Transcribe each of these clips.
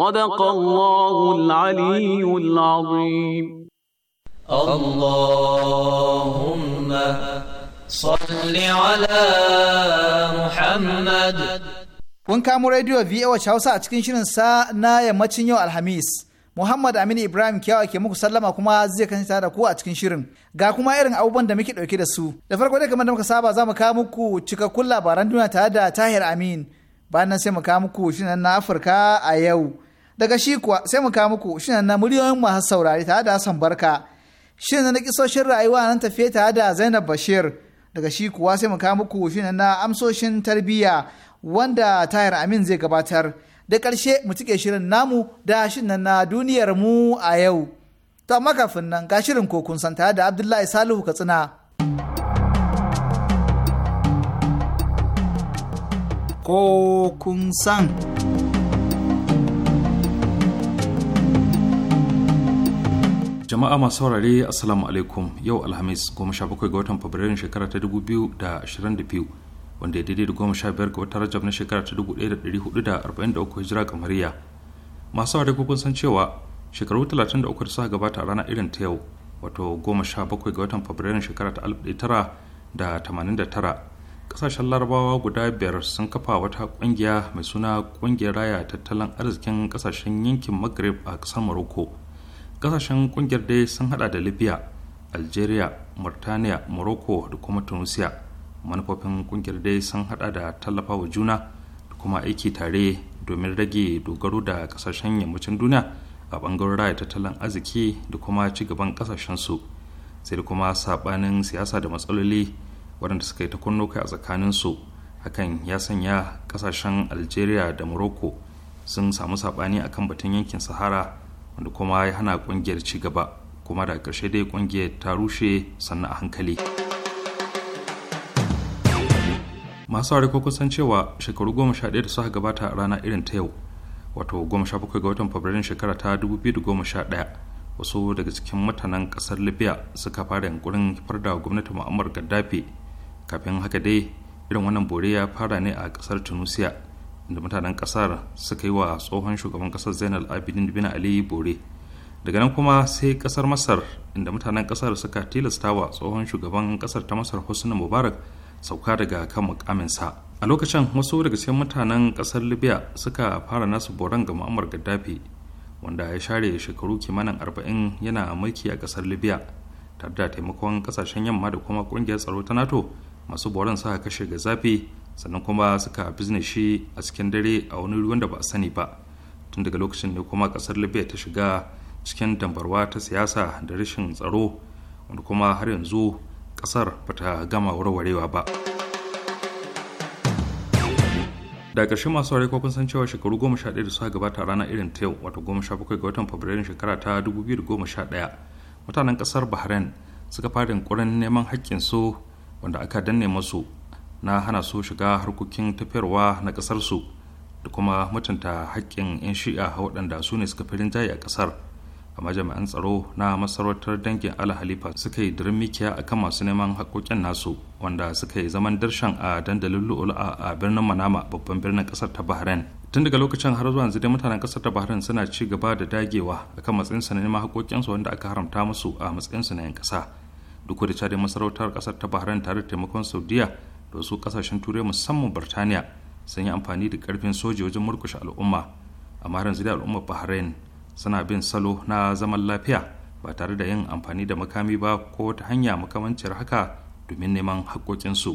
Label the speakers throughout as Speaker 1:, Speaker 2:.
Speaker 1: صدق الله العلي العظيم
Speaker 2: اللهم صل على
Speaker 3: محمد kun kamo rediyo wacce Hausa a cikin shirin sa na yammacin yau Alhamis. Muhammad Aminu Ibrahim Kiyawa ke muku sallama kuma zai kan da ku a cikin shirin. Ga kuma irin abubuwan da muke ɗauke da su. Da farko dai kamar da muka saba za mu kawo muku cikakkun labaran duniya tare da Tahir Amin. Bayan nan sai mu kawo muku shirin na Afirka a yau. daga shi kuwa sai mu kawo muku shi na miliyoyin masu saurari tare da Hassan Barka shi na kisoshin rayuwa nan tafiye tare da Zainab Bashir daga shi kuwa sai mu kawo muku shi na amsoshin tarbiyya wanda Tahir Amin zai gabatar da ƙarshe mu cike shirin namu da shi na duniyar mu a yau to amma kafin nan ga shirin ko kun tare da Abdullahi Salihu Katsina ko kun san
Speaker 4: jama'a masu saurare assalamu alaikum yau alhamis goma sha bakwai ga watan fabrairun shekara ta dubu biyu da ashirin da biyu wanda ya daidai da goma sha biyar ga watan rajab na shekara ta dubu ɗaya da ɗari hudu da arba'in da uku hijira kamariya masu saurare kun san cewa shekaru talatin da uku da suka gabata a rana irin ta yau wato goma sha bakwai ga watan fabrairun shekara ta alif ɗaya tara da tamanin da tara kasashen larabawa guda biyar sun kafa wata kungiya mai suna kungiyar raya tattalin arzikin kasashen yankin maghreb a ƙasar morocco kasashen kungiyar dai sun hada da libya algeria murtaniya morocco da kuma tunisia manufofin kungiyar dai sun hada da tallafawa juna da kuma aiki tare domin rage dogaro da kasashen yammacin duniya a bangaren raya tattalin arziki da kuma ci gaban su sai da kuma sabanin siyasa da matsaloli waɗanda suka yi ta kunno kai a tsakaninsu hakan ya sanya kasashen algeria da morocco sun samu sabani akan batun yankin sahara wanda kuma ya hana kungiyar ci gaba kuma da karshe dai kungiyar ta rushe sannan a hankali masu aure ko kusan cewa shekaru goma sha ɗaya da suka gabata a rana irin ta yau wato goma sha bakwai ga watan fabrairun shekara ta dubu biyu da goma sha ɗaya wasu daga cikin mutanen kasar libya suka fara yankurin kifar da gwamnati mu'ammar gaddafi kafin haka dai irin wannan bore ya fara ne a ƙasar tunisia da mutanen kasar suka yi wa tsohon shugaban kasar zainal abidin bin ali bore daga nan kuma sai kasar masar inda mutanen kasar suka tilasta wa tsohon shugaban kasar ta masar husni mubarak sauka daga kan mukaminsa a lokacin wasu daga cikin mutanen kasar libya suka fara nasu boran ga mu'ammar gaddafi wanda ya share shekaru kimanin arba'in yana mulki a kasar libya tare da taimakon kasashen yamma da kuma kungiyar tsaro ta nato masu boran suka kashe ga zafi sannan kuma suka bizne shi a cikin dare a wani ruwan da ba a sani ba tun daga lokacin ne kuma kasar libya ta shiga cikin dambarwa ta siyasa da rashin tsaro wanda kuma har yanzu kasar ba ta gama warwarewa ba da ƙarshe masu aure kun san cewa shekaru goma sha ɗaya da suka gabata rana irin ta yau wato goma sha bakwai ga watan fabrairun shekara ta dubu biyu da goma sha ɗaya mutanen ƙasar bahrain suka fara yunƙurin neman haƙƙinsu wanda aka danne masu na hana su shiga harkokin tafiyarwa na ƙasarsu da kuma mutunta haƙƙin 'yan shi'a waɗanda su ne suka fi rinjaye a ƙasar amma jami'an tsaro na masarautar dangin ala halifa suka yi dirin mikiya kan masu neman haƙoƙin nasu wanda suka yi zaman darshan a dandalin lu'ula a birnin manama babban birnin ƙasar ta bahrain tun daga lokacin har zuwa yanzu dai mutanen ƙasar ta bahrain suna ci gaba da dagewa akan matsayinsu na neman su wanda aka haramta musu a matsayinsu na 'yan ƙasa duk da cewa masarautar ƙasar ta bahrain tare da taimakon saudiya wasu kasashen turai musamman birtaniya sun yi amfani da karfin soji wajen murkushe al'umma amma yanzu da al'umma bahrain suna bin salo na zaman lafiya ba tare da yin amfani da makami ba ko ta hanya makamancin haka domin neman haƙƙoƙinsu.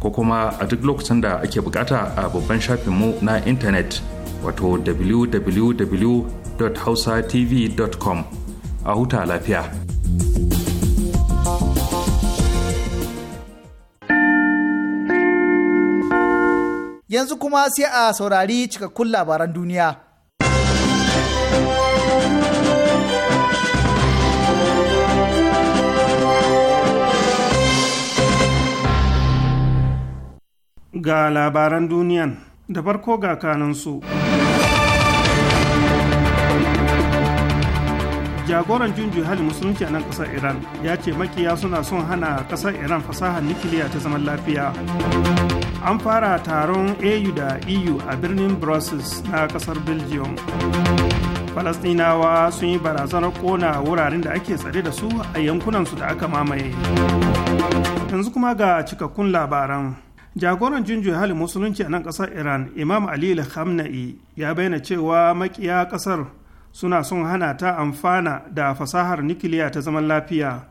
Speaker 4: ko kuma a duk lokacin da ake bukata a babban mu na intanet wato www.hausatv.com a huta lafiya.
Speaker 3: Yanzu kuma sai a saurari cikakkun labaran duniya.
Speaker 5: ga labaran duniyan da farko ga kanansu. jagoran junju hali musulunci a nan kasar iran ya ce makiya suna son hana kasar iran fasahar nikiliya ta zaman lafiya an fara taron au da eu a birnin brussels na kasar belgium falastinawa sun yi barazanar kona wuraren da ake tsare da su a yankunansu da aka mamaye yanzu kuma ga cikakkun labaran jagoran junjiyar halin musulunci a nan kasar iran imam ali khamna'i ya bayyana cewa makiya kasar suna son hana ta amfana da fasahar nikiliya ta zaman lafiya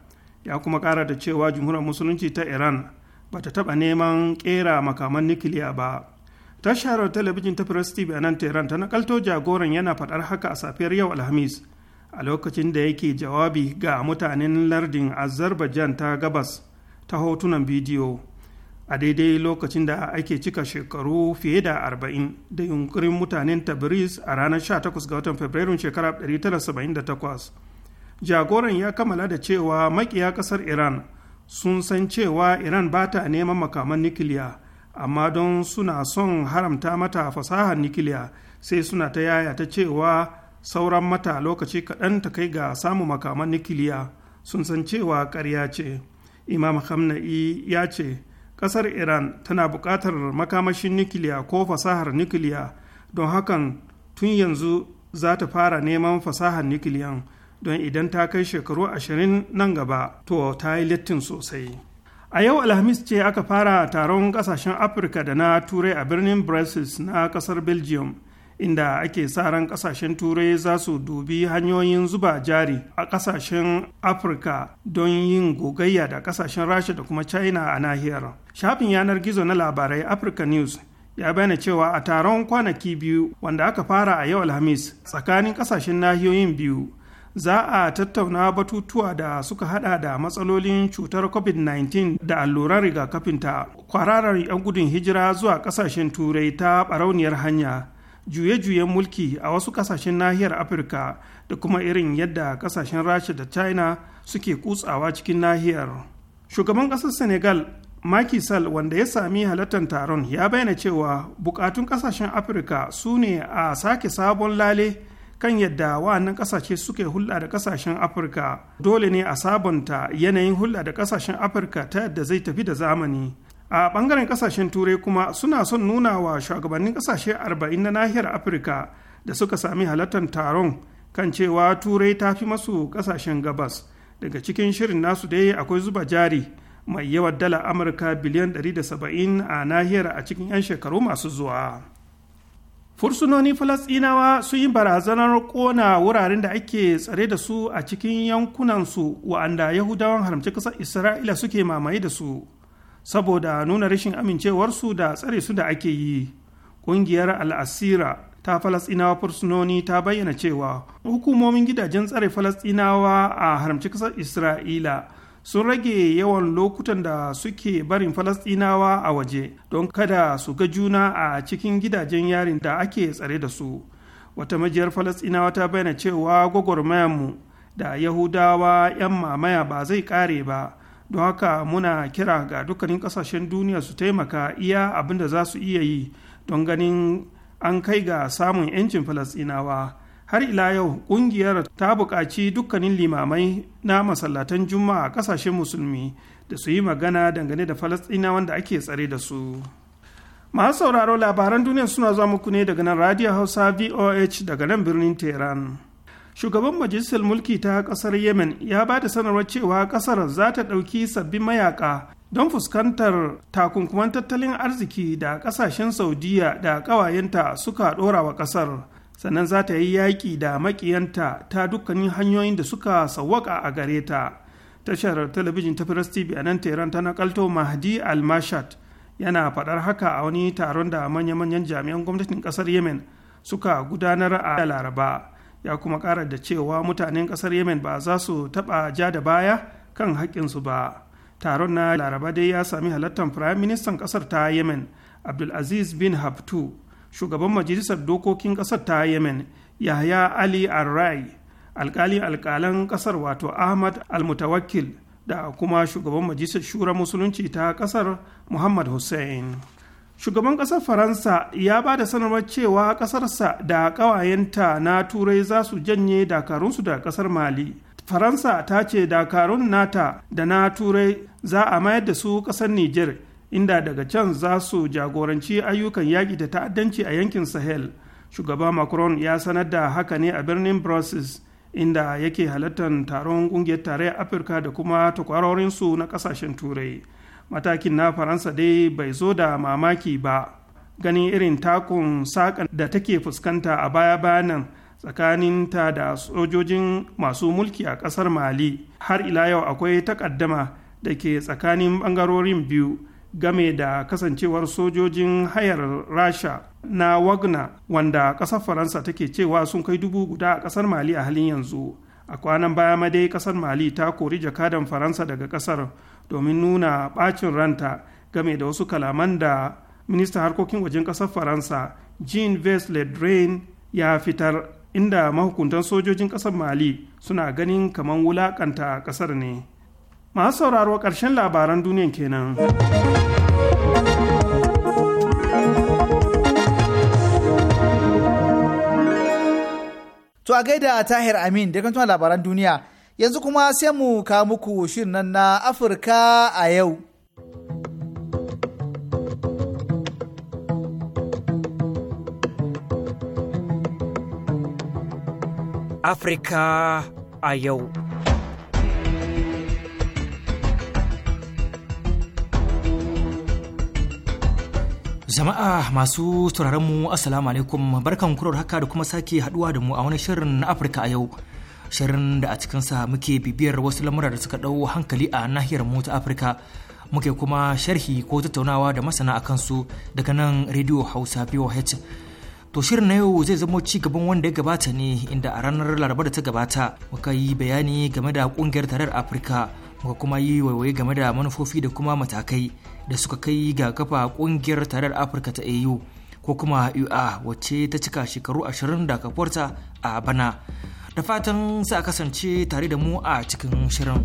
Speaker 5: ya kuma kara da cewa jumhuriyar musulunci ta iran ba ta taba neman kera makaman nikiliya ba tashar talabijin ta press tv a nan tehran ta nakalto jagoran yana faɗar haka a safiyar yau alhamis a lokacin da yake jawabi ga mutanen lardin azerbaijan ta gabas ta hotunan bidiyo a daidai lokacin da ake cika shekaru fiye da arba'in da yunkurin mutanen tabriz a ranar 18 ga watan fabrairun shekarar 1978 jagoran ya kammala da cewa makiya kasar iran sun san cewa iran ba ta neman makaman nikiliya amma don suna son haramta mata fasahar nikiliya sai suna ta yaya ta cewa sauran mata lokaci kaɗan ta kai ga samun makaman nikiliya sun san cewa ƙarya ce imam hamna'i ya ce kasar iran tana buƙatar makamashin nukiliya ko fasahar nukiliya don hakan tun yanzu za ta fara neman fasahar nukiliyan don idan ta kai shekaru ashirin nan gaba to ta yi littin sosai a yau alhamis ce aka fara taron kasashen afirka da na turai a birnin brussels na kasar belgium inda ake sa ran kasashen turai za su dubi hanyoyin zuba jari a kasashen afirka don yin gogayya da kasashen rasha da kuma china a nahiyar shafin yanar gizo na labarai africa news ya bayyana cewa a taron kwanaki biyu wanda aka fara a yau alhamis tsakanin kasashen nahiyoyin biyu za a tattauna batutuwa da suka hada da matsalolin cutar covid-19 da allurar rigakafinta kwararar 'yan gudun hijira zuwa kasashen turai ta barauniyar hanya juye-juyen mulki a wasu kasashen nahiyar afirka da kuma irin yadda kasashen rasha da china suke kutsawa cikin nahiyar shugaban kasar senegal makisal wanda ya sami halartar taron ya bayyana cewa bukatun kasashen afirka su ne a sake sabon lale kan yadda wa'annan kasashe suke hulɗa da kasashen afirka dole ne a sabonta yanayin hulɗa da kasashen afirka ta yadda zai tafi da zamani a ɓangaren kasashen turai kuma suna son nuna wa shugabannin kasashe 40 na nahiyar afirka da suka sami halartar taron kan cewa turai ta fi masu kasashen gabas daga cikin shirin nasu dai akwai zuba jari mai yawan dala amurka biliyan 170 a nahiyar a cikin 'yan shekaru masu zuwa fursunoni falasɗinawa su yi barazanar kona wuraren da ake tsare da su a cikin yankunansu wa'anda yahudawan haramci ƙasar isra'ila suke mamaye da su saboda nuna rashin amincewarsu da tsare su da ake yi ƙungiyar al'asira ta falasɗinawa fursunoni ta bayyana cewa hukumomin gidajen tsare falasɗinawa a haramci ƙasar isra'ila sun rage yawan lokutan da suke barin Falasɗinawa a waje don kada su ga juna a cikin gidajen yarin da ake tsare da su wata majiyar Falasɗinawa ta bayyana cewa gwagwarmayarmu da yahudawa 'yan mamaya ba zai kare ba don haka muna kira ga dukkanin ƙasashen duniya su taimaka iya abin da za su iya yi don ganin an kai ga samun 'yancin Falasɗinawa. har ila yau kungiyar ta buƙaci dukkanin limamai na masallatan juma'a a ƙasashen musulmi da su yi magana dangane da falastina wanda ake tsare da su masu sauraro labaran duniya suna zuwa muku ne daga nan radio hausa voh daga nan birnin tehran shugaban majalisar mulki ta kasar yemen ya ba da sanarwar cewa kasar za ta ɗauki sabbin mayaka don fuskantar takunkuman tattalin arziki da kasashen saudiya da ƙawayenta suka ɗora wa kasar sannan za ta yi yaƙi da maƙiyanta ta dukkanin hanyoyin da suka sawwaƙa a gare ta tashar talabijin ta firas tv a nan teran ta nakalto mahdi almashat yana faɗar haka a wani taron da manya-manyan jami'an gwamnatin ƙasar yemen suka gudanar a laraba ya kuma ƙara da cewa mutanen ƙasar yemen ba za su taɓa ja da baya kan haƙƙinsu ba taron na laraba dai ya sami halartar firayim ministan ƙasar ta yemen abdulaziz bin habtu shugaban majalisar dokokin ƙasar ta yemen yahya ali arrai alkali alkalan ƙasar wato ahmad almutawakkil da kuma shugaban majalisar shura musulunci ta ƙasar muhammad hussein shugaban ƙasar faransa ya ba da sanarwar cewa ƙasarsa da ƙawayenta na turai za su janye dakarunsu da ƙasar mali faransa ta ce dakarun nata da na turai za a mayar da su ƙasar niger inda daga can za su jagoranci ayyukan yaƙi da ta'addanci a yankin sahel shugaba macron ya sanar da haka ne a birnin brussels inda yake halartar taron ƙungiyar tarayyar afirka da kuma takwarorinsu na ƙasashen turai matakin na faransa dai bai zo da mamaki ba ganin irin takun saƙa da take fuskanta a baya bayanan ta da sojojin masu mulki a ƙasar mali har ila yau akwai takaddama da ke tsakanin ɓangarorin biyu game da kasancewar sojojin hayar rasha na wagner wanda ƙasar faransa take cewa sun kai dubu guda a ƙasar mali a halin yanzu a kwanan baya ma ƙasar mali ta kori jakadan faransa daga ƙasar domin nuna ɓacin ranta game da wasu kalaman da minista harkokin wajen ƙasar faransa jean ves le drain ya fitar inda mahukuntan sojojin ƙasar mali suna ganin kamar wulaƙanta ƙasar ne masu sauraro ƙarshen labaran duniyan kenan.
Speaker 3: To a gaida Tahir Amin da kantuna labaran duniya yanzu kuma sai mu ka muku shirin nan na Afirka a yau.
Speaker 6: Afirka a yau. Jama'a masu sauraron mu Assalamu alaikum barkan kurar haka da kuma sake haduwa da mu a wani shirin na Afirka a yau. Shirin da a cikinsa muke bibiyar wasu lamura da suka ɗau hankali a nahiyar mu ta Afirka. Muke kuma sharhi ko tattaunawa da masana a kansu daga nan rediyo Hausa VOH. To shirin na yau zai zamo ci gaban wanda ya gabata ne inda a ranar Laraba da ta gabata muka yi bayani game da kungiyar tarar Afirka muka kuma yi waiwaye game da manufofi da kuma matakai da suka kai ga kafa kungiyar tarar afirka ta au ko kuma ua wacce ta cika shekaru ashirin da kafuwarta a bana da fatan sa kasance tare da mu a cikin shirin.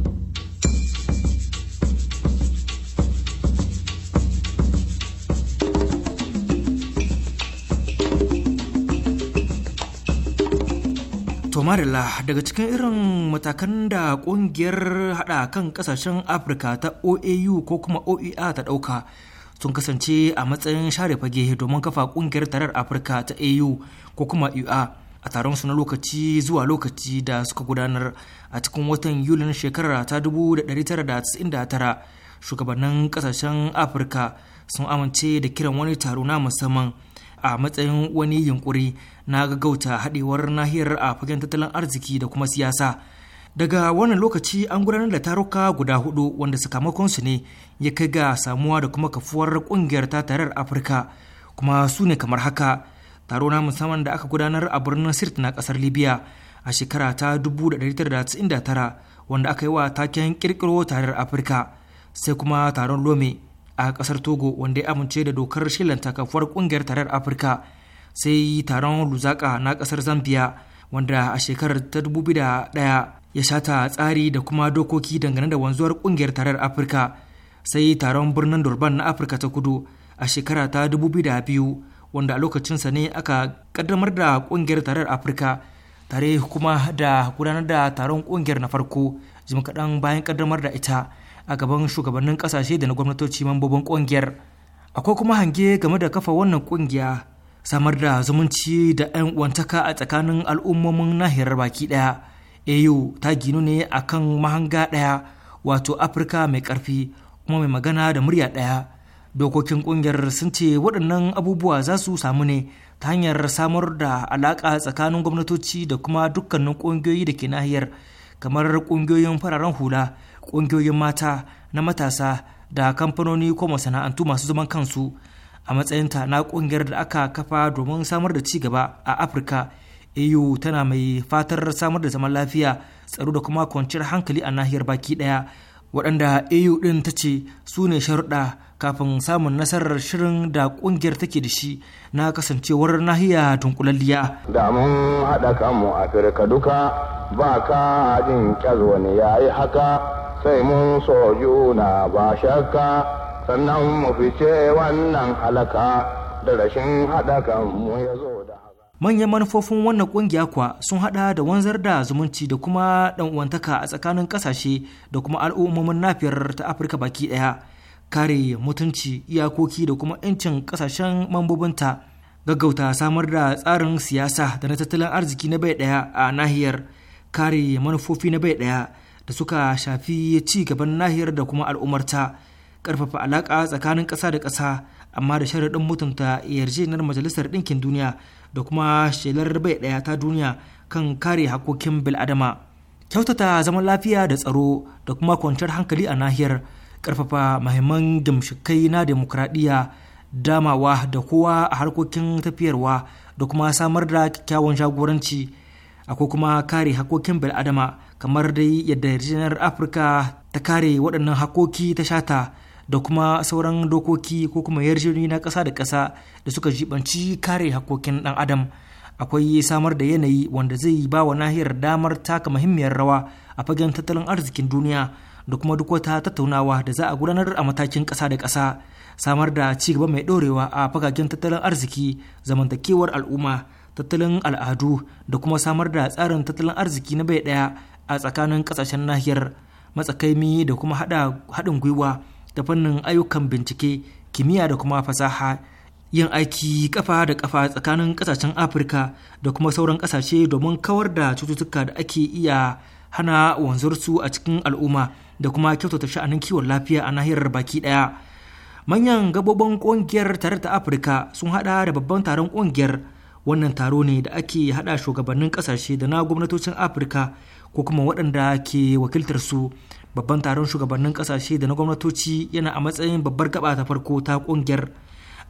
Speaker 6: tomarilla daga cikin irin matakan da kungiyar hada kan kasashen afirka ta oau ko kuma oea ta dauka sun kasance a matsayin share fage domin kafa kungiyar tarar afirka ta au ko kuma ua a taron su na lokaci zuwa lokaci da suka gudanar a cikin watan yulin shekarar ta 1999 shugabannin kasashen afirka sun amince da kiran wani taro na musamman a matsayin wani yunkuri na gaggauta haɗewar nahiyar a fagen tattalin arziki da kuma siyasa daga wannan lokaci an gudanar da taruka guda hudu wanda sakamakonsu ne ya kai ga samuwa da kuma kafuwar ƙungiyar ta tarar afirka kuma su ne kamar haka taro na musamman da aka gudanar a birnin sirt na kasar libya a shekara ta tara wanda aka yi wa taken ƙirƙiro tarar afirka sai kuma taron lome a kasar togo wanda ya amince da dokar shilanta takafuwar kungiyar tarar afirka sai taron luzaka na kasar zambia wanda a shekarar ta 2001 ya shata tsari da kuma dokoki dangane da wanzuwar kungiyar tarar afirka sai taron birnin durban na afirka ta kudu a shekara ta 2002 wanda a lokacinsa ne aka kaddamar da kungiyar tarar afirka tare kuma da gudanar da taron kungiyar na farko jim kaɗan bayan kaddamar da ita a gaban shugabannin kasashe da na gwamnatoci mambobin kungiyar akwai kuma hange game da kafa wannan kungiya samar da zumunci da 'yan uwantaka a tsakanin al'ummomin nahiyar baki daya au ta ginu ne akan mahanga daya wato afirka mai karfi kuma mai magana da murya daya dokokin kungiyar sun ce waɗannan abubuwa za su samu ne ta hanyar samar da alaƙa tsakanin gwamnatoci da kuma dukkanin ƙungiyoyi da ke nahiyar kamar ƙungiyoyin fararen hula ƙungiyoyin mata na matasa da kamfanoni ko masana'antu masu zaman kansu a matsayinta na ƙungiyar da aka kafa domin samar da ci gaba a afirka eu tana mai fatar samar da zaman lafiya tsaro da kuma kwanciyar hankali a nahiyar baki ɗaya waɗanda eu ɗin ta ce su ne sharuɗa kafin samun nasarar shirin da ƙungiyar take da shi na kasancewar nahiya dunkulalliya
Speaker 7: da mun haɗa kanmu afirka duka ba ka jin ƙyar wani ya yi haka sai mun so juna ba shakka sannan mu fice wannan halaka da rashin haɗa
Speaker 2: mu ya zo da
Speaker 6: manyan manufofin wannan ƙungiya kuwa sun hada da wanzar da zumunci da kuma uwantaka a tsakanin ƙasashe da kuma al'ummomin nafiyar ta afirka baki ɗaya kare mutunci iyakoki da kuma 'yancin ƙasashen mambobinta gaggauta samar da tsarin siyasa da na tattalin arziki na bai ɗaya a nahiyar kare manufofi na bai ɗaya da suka shafi ci gaban nahiyar da kuma al'ummarta ƙarfafa alaƙa tsakanin ƙasa da ƙasa amma da sharaɗin mutunta yarjejeniyar majalisar ɗinkin duniya da kuma shelar bai ɗaya ta duniya kan kare hakokin bil'adama kyautata zaman lafiya da tsaro da kuma kwanciyar hankali a nahiyar karfafa mahimman gimshikai na demokuraɗiyya damawa da kowa a harkokin tafiyarwa da kuma samar da kyakkyawan jagoranci akwai kuma kare hakokin bil'adama kamar dai yadda yarjejeniyar afirka ta kare waɗannan hakoki ta shata da kuma sauran dokoki ko kuma yarjejeniyoyi na ƙasa da ƙasa da suka jibanci kare hakokin ɗan adam akwai samar da yanayi wanda zai ba wa nahiyar damar taka muhimmiyar rawa a fagen tattalin arzikin duniya da kuma duk wata tattaunawa da za a gudanar a matakin ƙasa da ƙasa samar da ci gaba mai ɗorewa a fagagen tattalin arziki zamantakewar al'umma tattalin al'adu da kuma samar da tsarin tattalin arziki na bai ɗaya a tsakanin kasashen nahiyar matsakaimi da kuma haɗin gwiwa da fannin ayyukan bincike kimiyya da kuma fasaha yin aiki kafa da kafa tsakanin kasashen afirka da kuma sauran kasashe domin kawar da cututtuka da ake iya hana wanzarsu a cikin al'umma da kuma kyautata sha'anin kiwon lafiya a nahiyar baki daya manyan gabobin kungiyar tare ta afirka sun hada da babban taron kungiyar wannan taro ne da ake hada shugabannin kasashe da na gwamnatocin afirka ko kuma waɗanda ke wakiltar su babban taron shugabannin ƙasashe da na gwamnatoci yana a matsayin babbar gaba ta farko ta ƙungiyar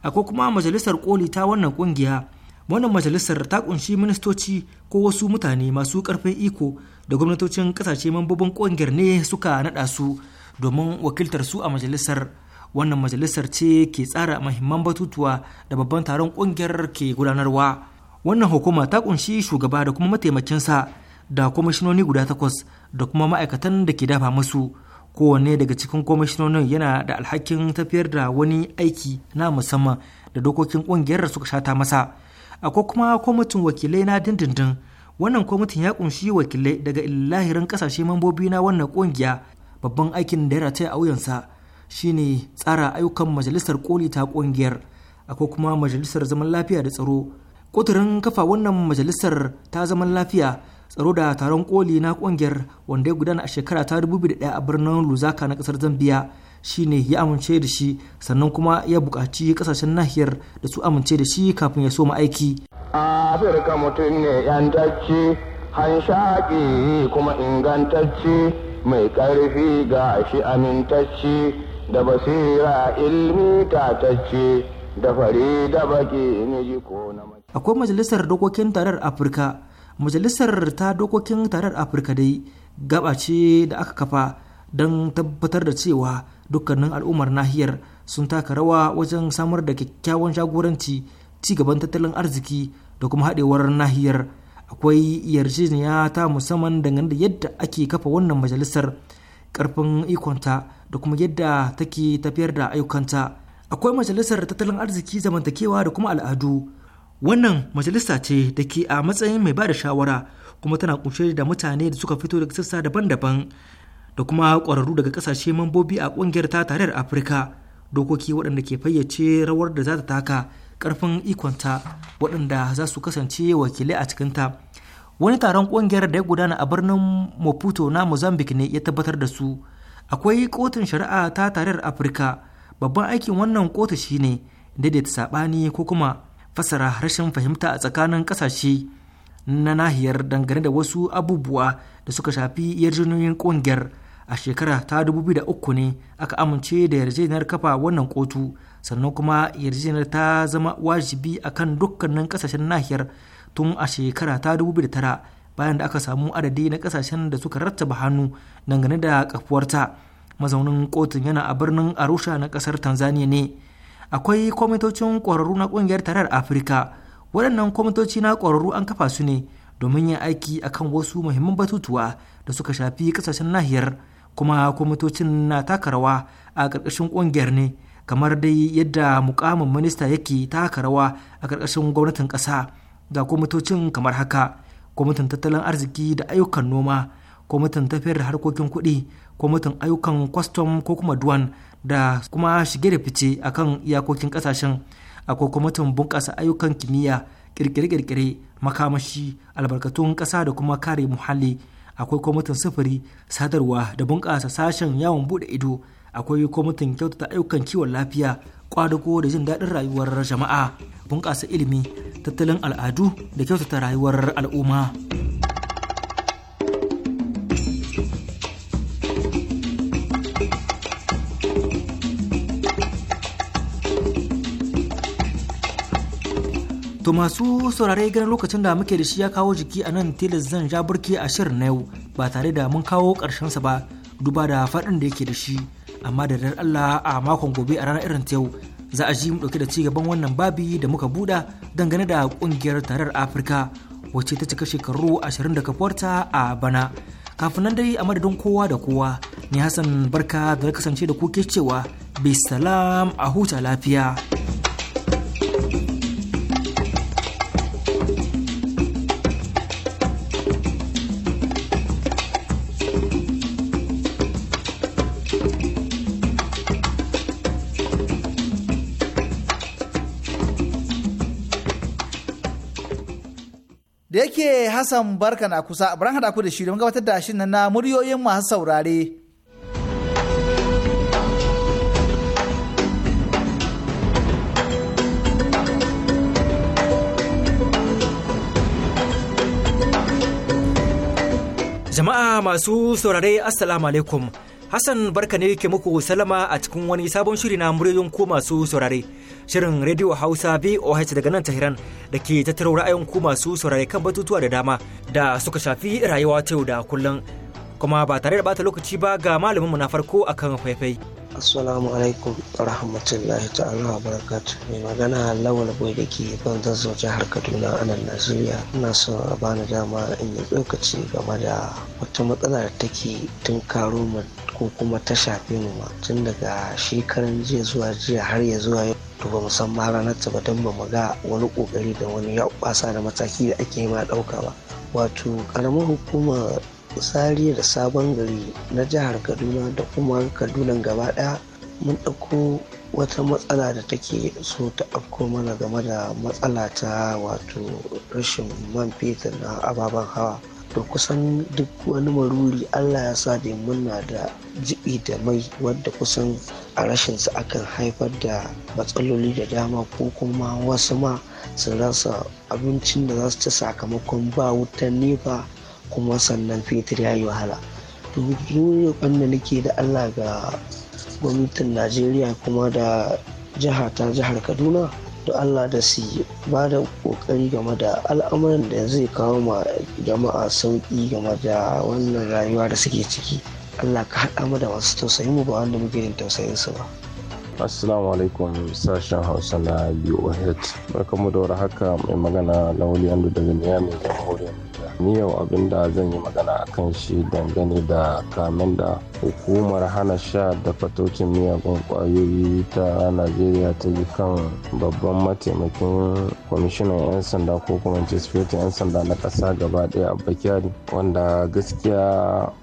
Speaker 6: akwai kuma majalisar koli ta wannan ƙungiya wannan majalisar ta ƙunshi ministoci ko wasu mutane masu karfin iko da gwamnatocin ƙasashe mambobin ƙungiyar ne suka naɗa su domin wakiltar su a majalisar wannan majalisar ce ke tsara mahimman batutuwa da babban taron ƙungiyar ke gudanarwa wannan hukuma ta ƙunshi shugaba da kuma mataimakinsa da kwamishinoni guda takwas da kuma ma'aikatan da ke dafa musu Kowane daga cikin kwamishinonin yana da alhakin tafiyar da wani aiki na musamman da dokokin kungiyar da suka shata masa akwai kuma kwamitin wakilai na dindindin wannan kwamitin ya kunshi wakilai daga lahirin kasashe mambobi na wannan kungiya babban aikin da ya rataya a wuyansa shine tsara ayyukan majalisar koli ta kungiyar akwai kuma majalisar zaman lafiya da tsaro kuturin kafa wannan majalisar ta zaman lafiya tsaro da taron koli na kungiyar wanda ya gudana a shekara ta 2001 a birnin luzaka na kasar zambia shine ya amince da shi sannan kuma ya bukaci kasashen nahiyar da su amince da shi kafin ya so ma aiki
Speaker 7: afirka mutum ne yan yantacce hanshaƙi kuma ingantacce mai ƙarfi ga shi amintacce da basira ilmi tatacci da fari da baki ne ko na
Speaker 6: akwai majalisar dokokin tarar afirka majalisar ta dokokin tarar afirka dai gaba ce da aka kafa don tabbatar da cewa dukkanin al'ummar nahiyar sun taka rawa wajen samar da kyakkyawan jagoranci ci gaban tattalin arziki da kuma haɗewar nahiyar akwai yarjejeniya ta musamman dangane da yadda ake kafa wannan majalisar karfin ikonta da kuma yadda take tafiyar da ayyukanta akwai majalisar tattalin arziki zamantakewa da kuma al'adu wannan majalisa ce da ke a matsayin mai ba da shawara kuma tana kunshe da mutane da suka fito daga sassa daban-daban da kuma kwararru daga ƙasashe mambobi a ƙungiyar ta tarayyar afirka dokoki waɗanda ke fayyace rawar da za ta taka ƙarfin ikonta waɗanda za su kasance wakilai a cikinta wani taron ƙungiyar da ya gudana a birnin maputo na mozambique ne ya tabbatar da su akwai kotun shari'a ta tarayyar afirka babban aikin wannan kotu shine daidaita saɓani ko kuma fassara rashin fahimta a tsakanin kasashe na nahiyar dangane da wasu abubuwa da suka shafi yarjejeniyoyin ƙungiyar a shekara ta 2003 ne aka amince da yarjejeniyar kafa wannan kotu sannan kuma yarjejeniyar ta zama wajibi a kan dukkanin kasashen nahiyar tun a shekara ta tara bayan da aka samu adadi na kasashen da suka rattaba hannu dangane da kafuwarta mazaunin kotun yana a birnin arusha na kasar tanzania ne akwai kwamitocin ƙwararru na ƙungiyar tarar afirka waɗannan kwamitoci na ƙwararru an kafa su ne domin yin aiki akan wasu muhimman batutuwa da suka shafi ƙasashen nahiyar kuma kwamitocin na taka rawa a ƙarƙashin ƙungiyar ne kamar dai yadda mukamin minista yake taka rawa a ƙarƙashin gwamnatin ƙasa ga kwamitocin kamar haka kwamitin tattalin arziki da ayyukan noma kwamitin tafiyar da harkokin kuɗi kwamitin ayyukan kwastom ko kuma duwan da kuma shige da fice akan iyakokin kasashen akwai kwamitin bunƙasa ayyukan kimiyya kirkire-kirkire makamashi albarkatun ƙasa da kuma kare muhalli akwai kwamitin sufuri sadarwa da bunƙasa sashen yawon buɗe ido akwai kwamitin kyautata ayyukan kiwon lafiya kwadugo da jin daɗin rayuwar jama'a bunƙasa ilimi tattalin al'adu da kyautata rayuwar al'umma. To masu saurare ganin lokacin da muke da shi ya kawo jiki a nan tilas zan ja burki a shirin na yau ba tare da mun kawo sa ba duba da faɗin da yake da shi amma da dar Allah a makon gobe a ranar irin ta yau za a ji mu ɗauke da cigaban wannan babi da muka buɗa dangane da ƙungiyar tarar Afirka wacce ta cika shekaru ashirin da kafuwarta a bana. Kafin nan dai a madadin kowa da kowa ni Hassan Barka da kasance da kuke cewa bisalam a huta lafiya.
Speaker 3: yake Hassan Barka na kusa, bari haɗa ku da shi don gabatar da shi na muryoyin masu saurare.
Speaker 6: Jama'a masu saurare Assalamu alaikum. Hassan barka ne ke muku salama a cikin wani sabon shiri na muryoyin ku masu saurare. Shirin Radio Hausa VOH daga nan Tahiran da ke tattaro ra'ayin ku masu saurare kan batutuwa da dama da suka shafi rayuwa ta yau da kullum. Kuma ba tare da bata lokaci ba ga malaminmu na farko akan faifai.
Speaker 8: Assalamu alaikum rahmatullahi ta'ala wa barakatu mai magana lawal boy da ke ban zazzau jihar Kaduna a nan Najeriya ina so a bani dama in yi tsokaci game da wata matsala da take tun karo mu ko kuma ta shafe mu ma tun daga shekaran jiya zuwa jiya har ya zuwa yau to ba san ma ranar ta ba don ba mu ga wani kokari da wani ya kwasa da mataki da ake ma ɗauka ba wato karamar hukumar tsari da sabon gari na jihar kaduna da kuma kaduna gaba daya mun ɗauko wata matsala da take so ta afko mana game da matsala ta wato rashin man fetur na ababen hawa to kusan duk wani maruri allah ya sa da muna da jibi da mai wadda kusan a rashin su akan haifar da matsaloli da dama ko kuma wasu ma su rasa abincin da za su ci sakamakon ba wutan nefa kuma sannan fetur ya yi wahala to roƙon nake da allah ga gwamnatin najeriya kuma da jiha ta jihar kaduna da allah da su ba da kokari game da al'amuran da zai kawo ma jama'a sauki game da wannan rayuwa da suke ciki allah ka haɗa mu da masu tausayin mu ba wanda muke yin tausayin su ba
Speaker 2: assalamu alaikum sashen hausa na boh barkamu da war haka mai magana lauli andu daga niyami jamhuriyar ni yau abin da zan yi magana a kan shi dangane da kamin da hukumar hana sha da fatocin miyagun kwayoyi ta najeriya ta yi kan babban mataimakin kwamishinan 'yan sanda ko kuma sifetin 'yan sanda na ƙasa gaba ɗaya a bakiyari wanda gaskiya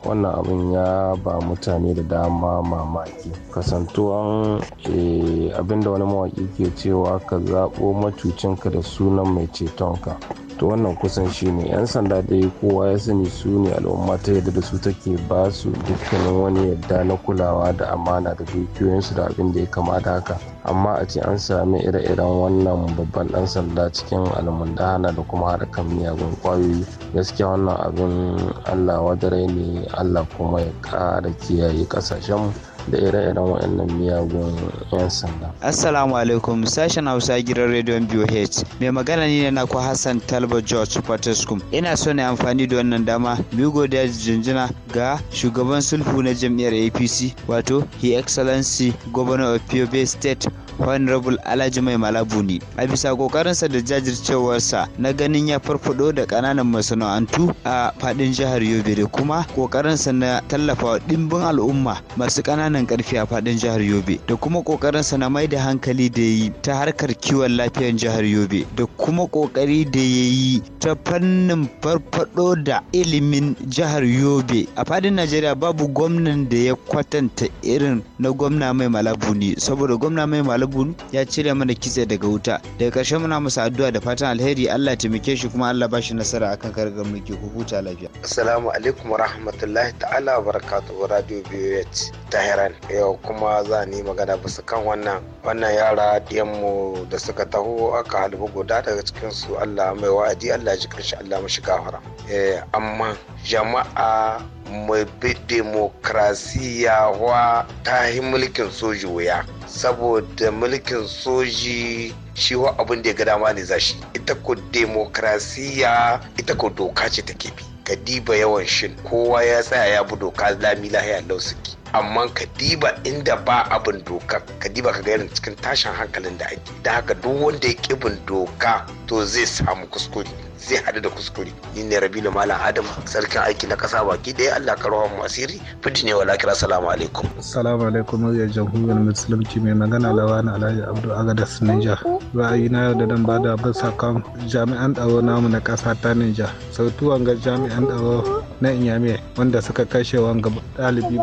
Speaker 2: wannan abin ya ba mutane da dama mamaki kasantuwan Eh, abinda wani mawaƙi ke cewa ka zaɓo macucinka da sunan mai cetonka to wannan kusan shi ne yan sanda dai kowa ya sani su ne al'umma ta yadda da su take ba su dukkanin wani yadda na kulawa da amana da dukiyoyinsu da abin da ya kamata haka amma a ce an sami ire-iren wannan babban dan sanda cikin almundana da kuma harkar miyagun kwayoyi gaskiya wannan abin allah wadarai ne allah kuma ya ƙara kiyaye ƙasashenmu da ire-iren waɗannan miyagun 'yan sanda.
Speaker 9: Assalamu alaikum sashen Hausa gidan rediyon BOH. Mai magana ne na ku Hassan Talba George Fortescue. Ina so ne amfani da wannan dama mu godiya jinjina ga shugaban sulhu na jam'iyyar APC wato His Excellency Governor of Piobe State honorable alhaji mai malabuni a bisa kokarinsa da jajircewarsa na ganin ya farfado da ƙananan masana'antu a faɗin jihar yobe da kuma kokarinsa na tallafa ɗimbin al'umma masu kananan karfi a fadin jihar yobe da kuma kokarinsa na mai da hankali da yi ta harkar kiwon lafiyar jihar yobe da kuma kokari da ya yi ta fannin farfado da ilimin jihar yobe a fadin najeriya babu gwamnan da ya kwatanta irin na gwamna mai malabuni saboda gwamna mai malabuni albun ya cire mana kitse daga wuta daga ƙarshe muna masa addu'a da fatan alheri Allah taimake shi kuma Allah bashi nasara akan kargar mulki ku huta lafiya
Speaker 7: assalamu alaikum wa rahmatullahi ta'ala wa barakatuhu radio BOH Tehran yau kuma za ni magana bisa kan wannan wannan yara diyanmu da suka taho aka halbu guda daga cikin su Allah mai wa'adi Allah ya ji karshe Allah mashi gafara eh amma jama'a mai demokrasiya wa ta yi mulkin soji wuya saboda mulkin soji shi wa abin da ya ga dama ne zashi ita ko demokrasiya ita ko doka ce take bi ka diba yawan shin kowa ya tsaya ya bi doka lami lahiya lausiki amma ka diba inda ba abin doka ka diba ka gani cikin tashin hankalin da ake da haka duk wanda ya kibin doka to zai samu kuskure zai hadu da kuskure ni ne rabilu malam adam sarkin aiki na kasa baki ɗaya allah ka rawa mu asiri fiti ne wala kira salamu alaikum
Speaker 1: salamu alaikum muryar jamhuriyar musulunci mai magana lawan alhaji abdu agadas niger na yau da dan bada bisa kan jami'an tsaro namu na kasa ta nija sautu wanga jami'an tsaro na inyame wanda suka kashe wanga ba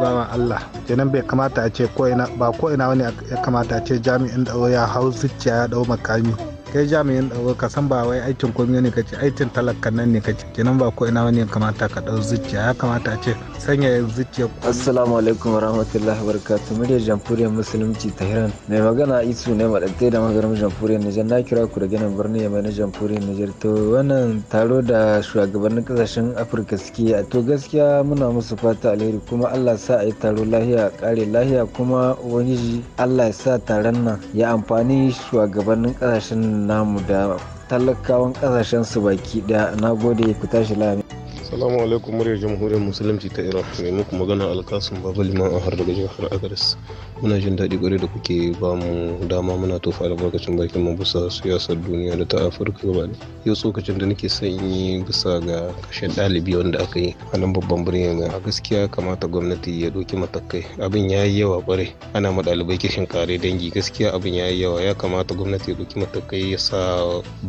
Speaker 1: bawan allah kenan bai kamata a ce ko ina ba ko ina wani ya kamata a ce jami'in tsaro ya hau zuciya ya dau makami kai jami'in ɗauko ka san ba wai aikin komai ne kace aikin talaka nan ne kace kenan ba ko ina wani kamata ka dau zuciya ya kamata a ce sanya zuciya
Speaker 6: assalamu alaikum warahmatullahi wabarakatuh muryar jamhuriyar musulunci ta hiran. mai magana isu ne madaddai da magaram jamhuriyar nijar na kira ku da ganin birni mai na jamhuriyar nijar to wannan taro da shugabannin kasashen afirka suke a to gaskiya muna musu fata alheri kuma allah sa a yi taro lahiya kare lahiya kuma wani allah ya sa taron nan ya amfani shugabannin kasashen namu da talakawan kasashen su baki ɗaya, na gode ku tashi lami Salamu alaikum muryar jamhuriyar
Speaker 1: musulunci ta iraq mai muku magana alkasun babu liman har daga jihar Agaris. Muna jin daɗi kwarai da kuke ba mu dama muna tofa albarkacin bakin mu bisa siyasar duniya da ta Afirka gaba Yau tsokacin da nake son yi bisa ga kashe ɗalibi wanda aka yi a nan babban birnin ga a gaskiya kamata gwamnati ya ɗauki matakai abin ya yi yawa kwarai ana ma ɗalibai kishin kare dangi gaskiya abin ya yi yawa ya kamata gwamnati ya ɗauki matakai ya sa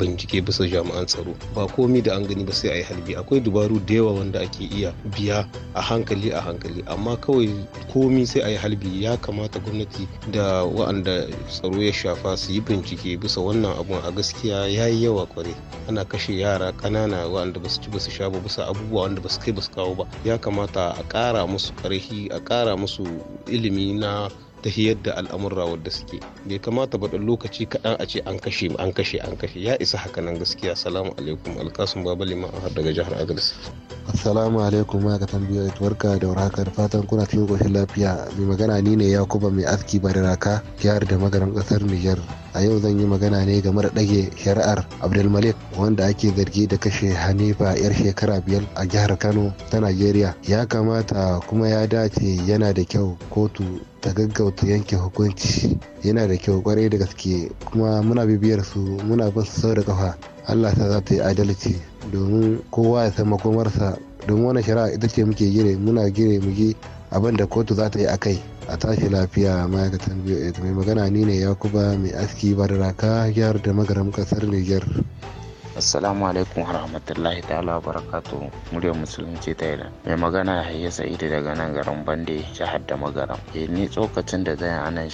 Speaker 1: bincike bisa jami'an tsaro ba komi da an gani ba sai a yi halbi akwai dubaru da yawa wanda ake iya biya a hankali a hankali amma kawai komi sai a yi halbi ya kamata gwamnati da wa'anda tsaro ya shafa su yi bincike bisa wannan abun a gaskiya ya yi yawa kwarai ana kashe yara ƙanana wa'anda basu ci basu sha ba bisa abubuwa wanda basu kai basu kawo ba ya kamata a kara musu ƙarfi a kara musu ilimi na tahiyar da al'amurra wadda suke bai kamata ba dan lokaci kaɗan a ce an kashe an kashe an kashe ya isa haka nan gaskiya salamu alaikum alkasun baba liman har daga jihar agadis
Speaker 2: assalamu alaikum ma ka tambayar da warhaka da fatan kuna cikin koshin lafiya mai magana ni ne yakuba mai aski raka jihar da magaran kasar niger a yau zan yi magana ne game da ɗage shari'ar abdulmalik wanda ake zargi da kashe hanifa yar shekara biyar a jihar kano ta nigeria ya kamata kuma ya dace yana da kyau kotu ta gaggauta yanke hukunci yana da kyau kwarai da gaske kuma muna bibiyar su muna bin su sau da kafa allah ta za ta yi adalci domin kowa ya san makomarsa domin wani shari'a ita ce muke gire muna gire mu gi abin da kotu za ta yi a kai a tashi lafiya ma'aikatan biyu mai magana ni ne yakuba mai aski barraka yar da magaram kasar niger
Speaker 9: assalamu alaikum warahmatullahi ta'ala barakatu muryar musulunci ta idan mai magana ya sa'idu daga nan garin bande jihar da magaram e ni tsokacin da zai anan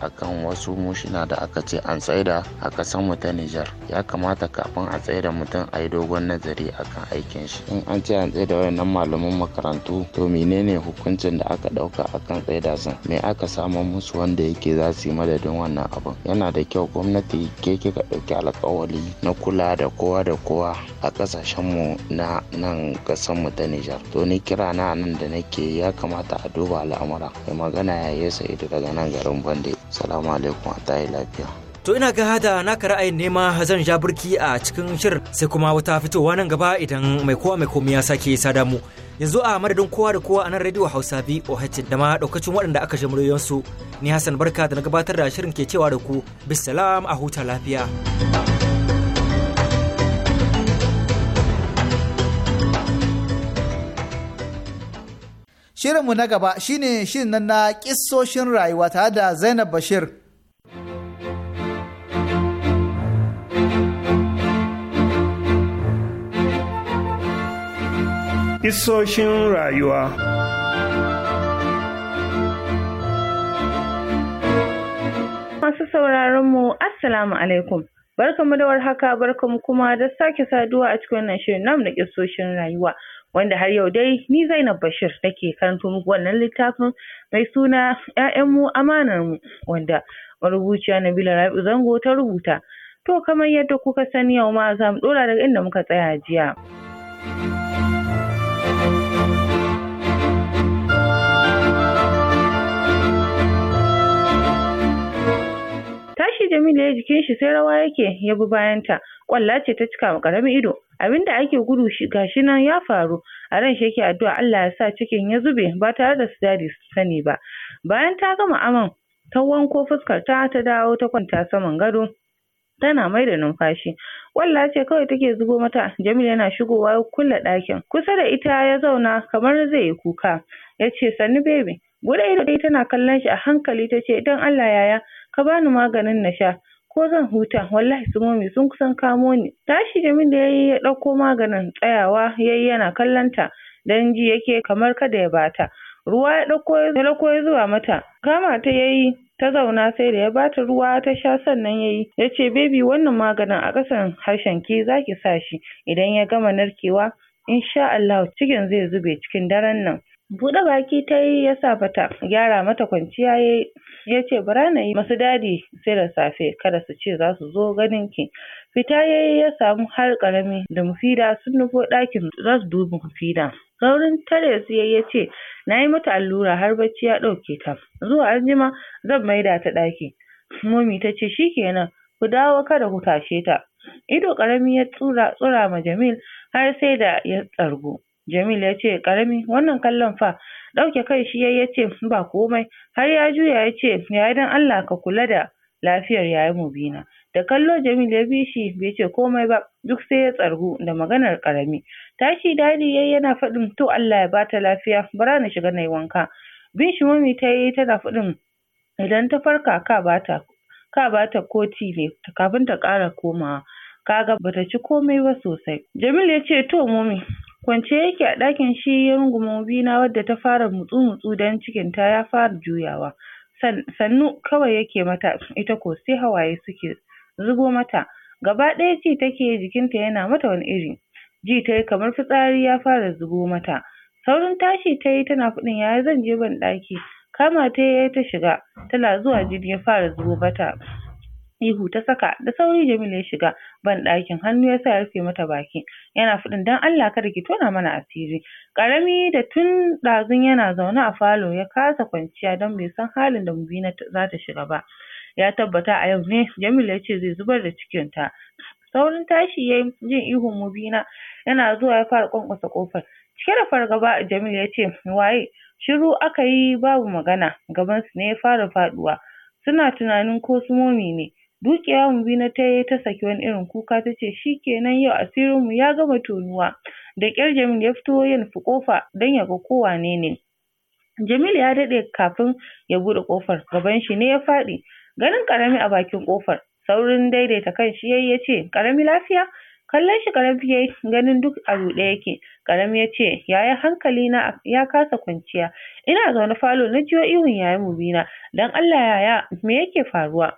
Speaker 9: A kan wasu mushina da aka ce an tsaida a kasan mu ta nijar ya kamata kafin a tsaida mutum a yi dogon nazari a kan aikin shi in an ce an tsaida wayannan malaman makarantu to menene hukuncin da aka dauka akan tsaida sun me aka samu musu wanda yake za su yi madadin wannan abin yana da kyau gwamnati ke ka ɗauki alkawali na kula da kowa da kowa a ƙasashenmu na nan mu ta Nijar. To ni kira na nan da nake ya kamata a duba al'amura. Mai magana ya yi sa'idu daga nan garin Bande. Salamu alaikum a tayi lafiya.
Speaker 6: To ina ga hada naka ra'ayin nema zan ja birki a cikin shir sai kuma wata fitowa nan gaba idan mai kowa mai komi ya sake sada mu. Yanzu a madadin kowa da kowa a nan radio Hausa bi OHC da ma daukacin waɗanda aka ji su Ni Hassan Barka da na gabatar da shirin ke cewa da ku bisalam a huta lafiya.
Speaker 3: Shirinmu na gaba shine shirin nan na kissoshin rayuwa tare da Zainab Bashir.
Speaker 5: Kissoshin rayuwa
Speaker 10: Masu sauraronmu, Assalamu alaikum. Barkamu da warhaka, barkamu kuma da sake saduwa a cikin wannan shirin namu na kissoshin rayuwa. wanda har yau dai ni Zainab Bashir nake karanto muku wannan littafin mai suna ‘Ya'yanmu amanarmu wanda marubuciya Nabila Rabi'u Zango ta rubuta. To kamar yadda kuka sani yau ma za mu ɗora daga inda muka tsaya jiya. Tashi Jamilu ya jikin shi sai rawa yake ya bi bayan ta. Ƙwalla ce ta cika ma ƙaramin ido. Abin da ake gudu ga shi nan ya faru. A ran shi yake addu'a Allah ya sa cikin ya zube ba tare da su su sani ba. Bayan ta gama aman ta wanko fuskar ta ta dawo ta kwanta saman gado. tana mai da numfashi kwalla ce kawai take zubo mata jamilu yana shigowa ya kulle ɗakin kusa da ita ya zauna kamar zai yi kuka ya ce sannu baby buɗe ido dai tana kallon shi a hankali ta ce don Allah yaya ka bani maganin na sha ko zan huta wallahi su sun kusan kamo ni tashi da yayi ya ɗauko maganin tsayawa yayi yana kallon ta dan ji yake kamar kada ya bata ruwa ya ɗauko ya ɗauko ya zuba mata kama ta yayi ta zauna sai da ya bata ruwa ta sha sannan yayi yace baby wannan maganin a ƙasan harshen ki zaki sa shi idan ya gama narkewa insha Allah cikin zai zube cikin daren nan buɗe baki ta yi ya sa fata, gyara mata kwanciya yayi Yace, ce bara na yi masu dadi sai da safe kada su ce za su zo ganin ki fita ya ya samu har karami da mufida sun nufo ɗakin zasu su duba mufida saurin tare su ya ce na yi mata allura har bacci ya ɗauke ta zuwa anjima zan maida ta ɗaki momi ta ce shikenan ku dawo kada ku tashe ta ido karami ya tsura tsura ma jamil har sai da ya tsargu Jamil ya ce ƙarami wannan kallon fa ɗauke kai shi ya ce ba komai har ya juya ya ce yaya don Allah ka kula da lafiyar yaya Mubina. Da kallo Jamil ya bi shi bai ce komai ba duk sai ya tsargu da maganar ƙarami. Tashi dadi yayi yana faɗin to Allah ya bata lafiya bara na shiga na wanka. Bin shi mami ta yi tana faɗin idan ta farka ka bata ka bata koti ne kafin ta ƙara komawa. Kaga bata ci komai ba sosai. Jamil ya ce to mami Kwance yake a ɗakin shi ya rungume wadda ta fara mutsu-mutsu don cikinta ya fara juyawa. Sannu kawai yake mata, ita ko sai hawaye suke zubo mata. Gaba ɗaya ji take jikinta yana mata wani iri. Ji tayi kamar fitsari ya fara zubo mata. Saurin tashi tayi tana faɗin yaya zan je ban Kama ta ya ta shiga, tana zuwa jini ya fara zubo mata. ihu ta saka da sauri Jamilu ya shiga banɗakin. hannu ya sa ya rufe mata baki yana faɗin dan Allah kada ki tona mana asiri ƙarami da tun ɗazun yana zaune a falo ya kasa kwanciya don bai san halin da Mubina za ta shiga ba ya tabbata a yau ne Jamilu ya ce zai zubar da cikin ta saurin tashi ya jin ihun Mubina yana zuwa ya fara kwankwasa ƙofar cike da fargaba Jamilu ya ce waye shiru aka yi babu magana gabansu ne ya fara faɗuwa suna tunanin ko su momi ne bi na ta yi ta saki wani irin kuka ta ce shi kenan yau asirinmu ya gama tonuwa. Da ƙyar Jamil ya fito ya nufi ƙofa don ya ga ko wane ne. Jamil ya daɗe kafin ya buɗe ƙofar, gaban shi ne ya faɗi. Ganin ƙarami a bakin ƙofar, saurin daidaita kan shi yayi ya ce, ƙarami lafiya? Kallon shi ƙarami yayi ganin duk a ruɗe yake. Ƙarami ya ce, yaya hankali na ya kasa kwanciya. Ina zaune falo na jiyo ihun yayan mu na. don Allah yaya me yake faruwa?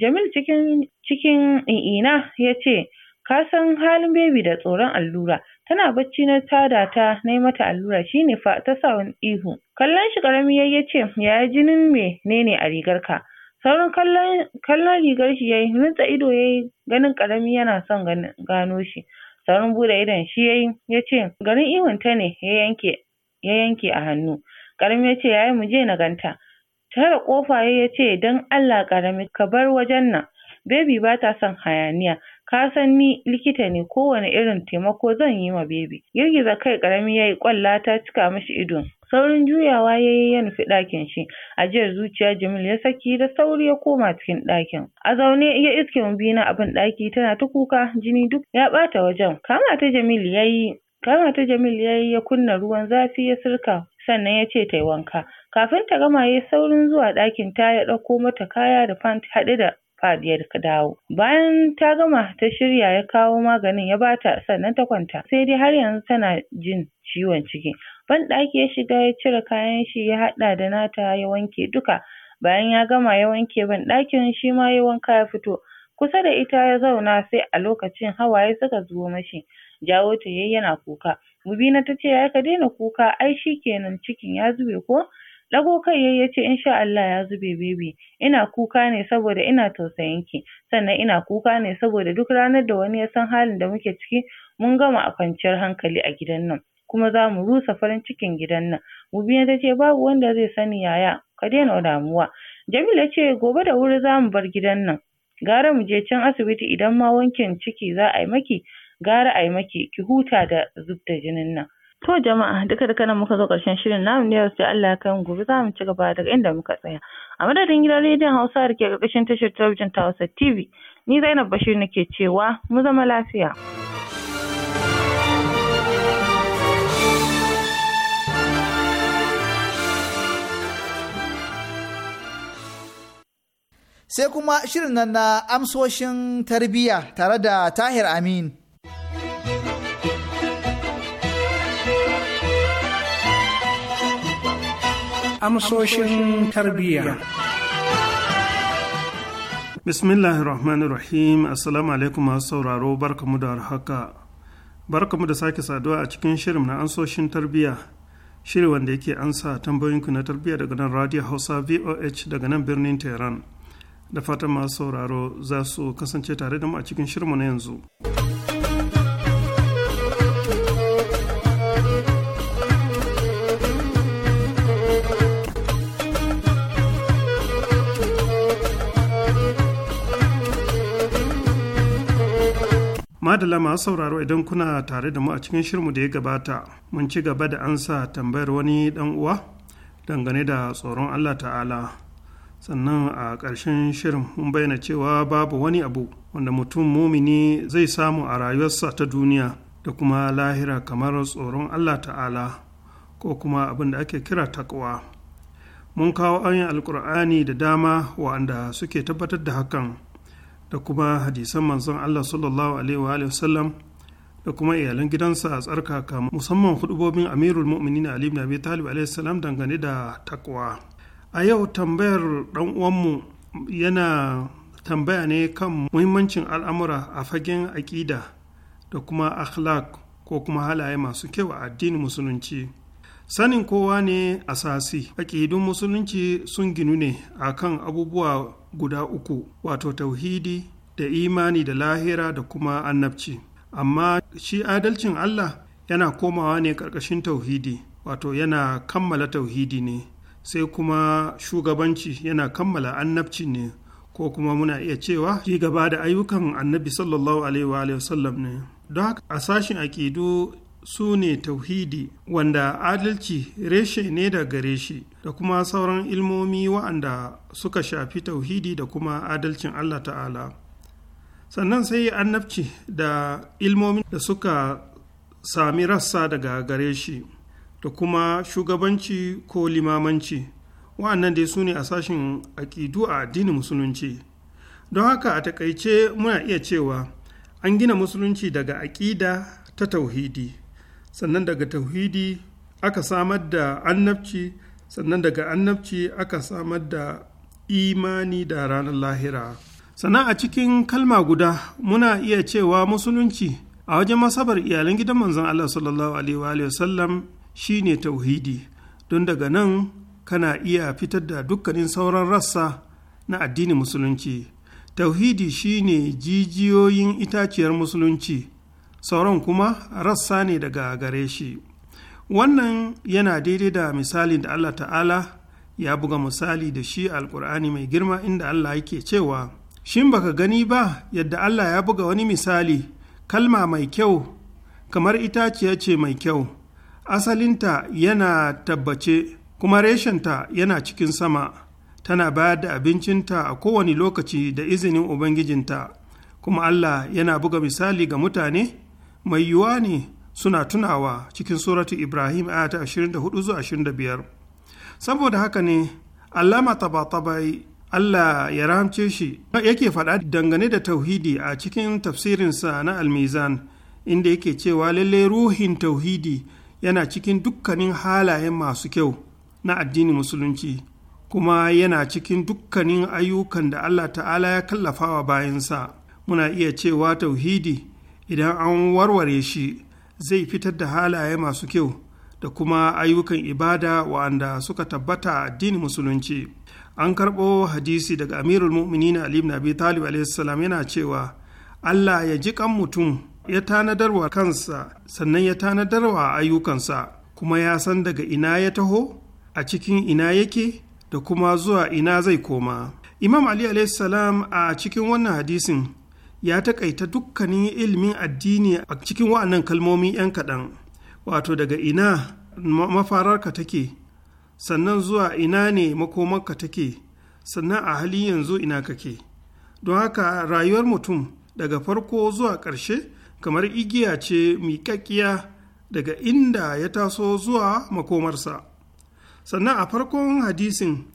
Speaker 10: Jamil cikin cikin ina ya ce, ka san halin Baby da tsoron allura, tana bacci na tada ta nai mata allura shi ne fa ta sa wani ihu. Kallon shi ƙarami yayi ya ce, yaya jinin menene a ka? Saurin kallon rigar shi yayi, rintsa ido yayi ganin ƙarami yana son gano shi. Saurin buɗe idon shi yayi ya ce, garin ihun ta ne ya yanke a hannu. karami ya ce, yaya mu je na ganta. Tare kofa ya yace "dan Allah ƙarami ka bar wajen nan, Baby bata son hayaniya, ka san ni likita ne kowane irin taimako zan yi ma Baby." Girgiza kai ƙarami yayi ƙwalla ta cika mishi ido. Saurin juyawa yayi ya nufi ɗakin shi. Ajiyar zuciya Jamil ya saki da sauri ya koma cikin ɗakin. A zaune ya iske na abin ɗaki tana ta kuka jini duk ya ɓata wajen. Kama ta Jamil yayi kama Jamil yayi ya kunna ruwan zafi ya sirka sannan ya ce ta yi wanka. Kafin ta gama ya yi saurin zuwa ɗakin ta ya ɗauko mata kaya da pant haɗe da pad ya dawo. Bayan ta gama ta shirya ya kawo maganin ya bata sannan ta kwanta. Sai dai har yanzu tana jin ciwon ciki. Banɗaki ya shiga ya cire kayan shi ya haɗa da nata ya wanke duka. Bayan ya gama ya wanke banɗakin shi ma ya wanka ya fito. Kusa da ita ya zauna sai a lokacin hawaye suka zo mashi. Jawo ta yayi yana kuka. Mubina ta ce ai ka daina kuka ai shi kenan cikin ya zube ko? Ɗago kai yayi ya ce insha Allah ya zube baby, ina kuka ne saboda ina tausayin ki, sannan ina kuka ne saboda duk ranar da wani ya san halin da muke ciki mun gama a kwanciyar hankali a gidan nan, kuma za mu rusa farin cikin gidan nan. Mubina ta ce babu wanda zai sani yaya, ka daina damuwa. Jamilu ya ce gobe da wuri za mu bar gidan nan, gara mu je can asibiti idan ma wankin ciki za a yi maki, gara ayi maki ki huta da zub da jinin nan to jama'a duka duka nan muka zo ƙarshen shirin namu ne yau sai Allah ya kai gobe za mu ci gaba daga inda muka tsaya a madadin gidan rediyon Hausa da ke ƙarƙashin tashar talabijin ta Hausa TV ni Zainab Bashir nake cewa mu zama lafiya
Speaker 3: sai kuma shirin nan na amsoshin tarbiyya tare da tahir amin
Speaker 11: amsoshin tarbiyya.
Speaker 5: rahim Assalamu alaikum masu sauraro barkamu da warhaka. Barkamu da sake saduwa a cikin shirin na amsoshin tarbiyya. Shiri wanda yake ansa tambayoyinku na tarbiyya daga nan Radio Hausa VOH daga nan birnin Tehran. Da fatan masu sauraro za su kasance tare da mu a cikin shirinmu na yanzu. da masu sauraro idan kuna tare da mu a cikin shirmu da ya gabata mun ci gaba da ansa tambayar wani dan uwa dangane da tsoron allah ta'ala sannan a ƙarshen shirin mun bayyana cewa babu wani abu wanda mutum mumini zai samu a rayuwarsa ta duniya da kuma lahira kamar tsoron allah ta'ala ko kuma abin da ake kira takwa mun kawo ayin alkur'ani da dama wa'anda suke tabbatar da hakan da kuma hadisan manzon Allah sallallahu alaihi wa sallam da kuma iyalan gidansa a tsarkaka musamman hudubobin amirul mu'minin ali ibn abi talib alaihi salam dangane da takwa a yau tambayar dan uwanmu yana tambaya ne kan muhimmancin al'amura a fagen aƙida da kuma akhlaq ko kuma halaye masu kyau a addinin musulunci sanin kowa ne asasi aƙidun musulunci sun ginu ne a kan abubuwa guda uku wato tauhidi da imani da lahira da kuma annabci amma shi adalcin allah yana komawa ne ƙarƙashin tauhidi wato yana kammala tauhidi ne sai kuma shugabanci yana kammala annabci ne ko kuma muna iya cewa ci gaba da ayyukan annabi sallallahu alaihi wa sallam ne don haka a sashin aƙidu su ne tauhidi wanda adalci reshe ne da gare shi da kuma sauran ilmomi wa'anda suka shafi tauhidi da kuma adalcin Allah ta'ala sannan sai annabci da ilmomin da suka sami rassa daga gare shi da kuma shugabanci ko limamanci wa'annan dai su ne a sashen aƙidu a addinin musulunci don haka a takaice muna iya cewa an gina musulunci daga aƙida ta tauhidi sannan daga tauhidi aka samar da annabci sannan daga annabci aka samar da imani da ranar lahira sannan a cikin kalma guda muna iya cewa musulunci a wajen masabar iyalan gidan manzon Allah sallallahu alaihi wa shine tauhidi don daga nan kana iya fitar da dukkanin sauran rassa na addinin musulunci tauhidi shine jijiyoyin itaciyar musulunci sauran kuma rassa ne daga gare shi wannan yana daidai da misalin da allah ta'ala ya buga misali da shi alkur'ani mai girma inda allah yake cewa shin baka gani ba yadda allah ya buga wani misali kalma mai kyau kamar itaciya ce mai kyau asalinta yana tabbace kuma reshenta yana cikin sama tana bayar da abincinta a kowane lokaci da izinin ubangijinta kuma allah yana buga misali ga mutane mai yiwuwa ne suna tunawa cikin suratu ibrahim aya ta 24 zuwa 25 saboda haka ne allama taba-tabai allah ya rahamce shi yake faɗa dangane da tauhidi a cikin tafsirinsa na almizan inda yake cewa lalle ruhin tauhidi yana cikin dukkanin halayen masu kyau na addinin musulunci kuma yana cikin dukkanin ayyukan da allah ta'ala ya kallafawa bayansa muna iya cewa tauhidi idan an warware shi zai fitar da halaye masu kyau da kuma ayyukan ibada wa'anda suka tabbata a addinin musulunci an karɓo hadisi daga amirul mu'minin ali ibn abi talib alaihissalam yana cewa allah ya ji kan mutum ya tanadarwa kansa sannan ya tanadarwa ayyukansa kuma ya san daga ina ya taho a cikin ina yake da kuma zuwa ina zai koma imam ali alaihissalam a cikin wannan hadisin ya takaita dukkanin ilimin addini a cikin wa'annan kalmomi 'yan kaɗan wato daga ina mafararka take sannan zuwa ina ne makomarka take sannan a hali yanzu ina kake don haka rayuwar mutum daga farko zuwa ƙarshe kamar igiya ce miƙaƙƙiya daga inda ya taso zuwa makomarsa sannan a farkon hadisin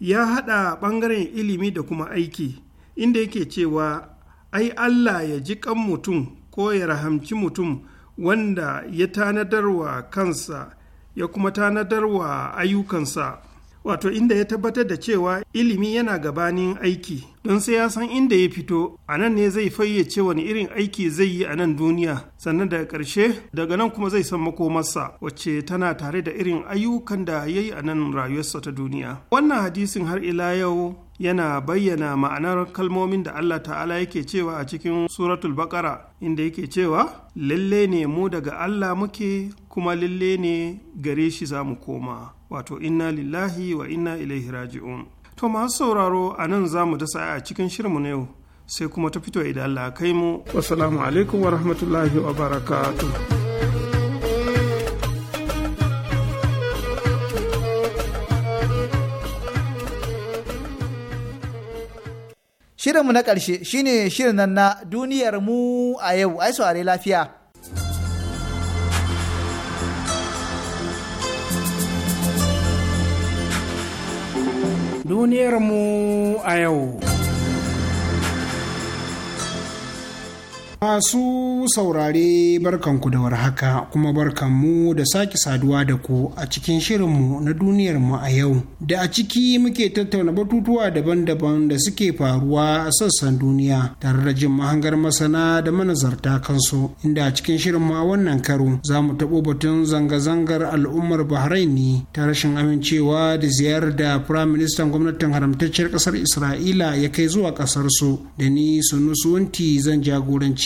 Speaker 5: ya haɗa ɓangaren ilimi da kuma aiki inda yake cewa ai Allah ya ji kan mutum ko ya rahamci mutum wanda ya tanadarwa kansa ya kuma tanadarwa ayyukansa wato inda ya tabbatar da cewa ilimi yana gabanin aiki don sai ya san inda ya fito a nan ne zai fayyace wani irin aiki zai yi a nan duniya sannan daga ƙarshe daga nan kuma zai san makomarsa wacce tana tare da irin ayyukan da ya yi a nan rayuwarsa ta duniya wannan hadisin har ila yau yana bayyana ma'anar kalmomin da Allah ta'ala yake cewa a cikin suratul bakara inda yake cewa lalle ne mu daga Allah muke kuma lalle ne gare shi za mu koma wato inna lillahi wa inna ilaihi raji'un To masu sauraro a nan za mu da a cikin shirinmu na yau sai kuma ta fito idan Allah kai mu. Wassalamu alaikum wa rahmatullahi wa barakatuh.
Speaker 3: Shirinmu na ƙarshe shine shirin nan na duniyar mu a yau, ai saurare lafiya.
Speaker 1: duniyarmu a yau.
Speaker 11: Masu saurare barkanku da warhaka kuma barkanmu da sake saduwa da ku a cikin shirinmu na duniyarmu a yau. Da a ciki muke tattauna batutuwa daban-daban da suke faruwa a sassan duniya tare da jin mahangar masana da manazarta kansu inda a cikin shirinmu a wannan karo za mu taɓo batun zanga-zangar al'ummar Bahrain ne ta rashin amincewa da ziyarar da Firayim Ministan gwamnatin haramtacciyar ƙasar Isra'ila ya kai zuwa ƙasarsu da ni sunusunti zan jagoranci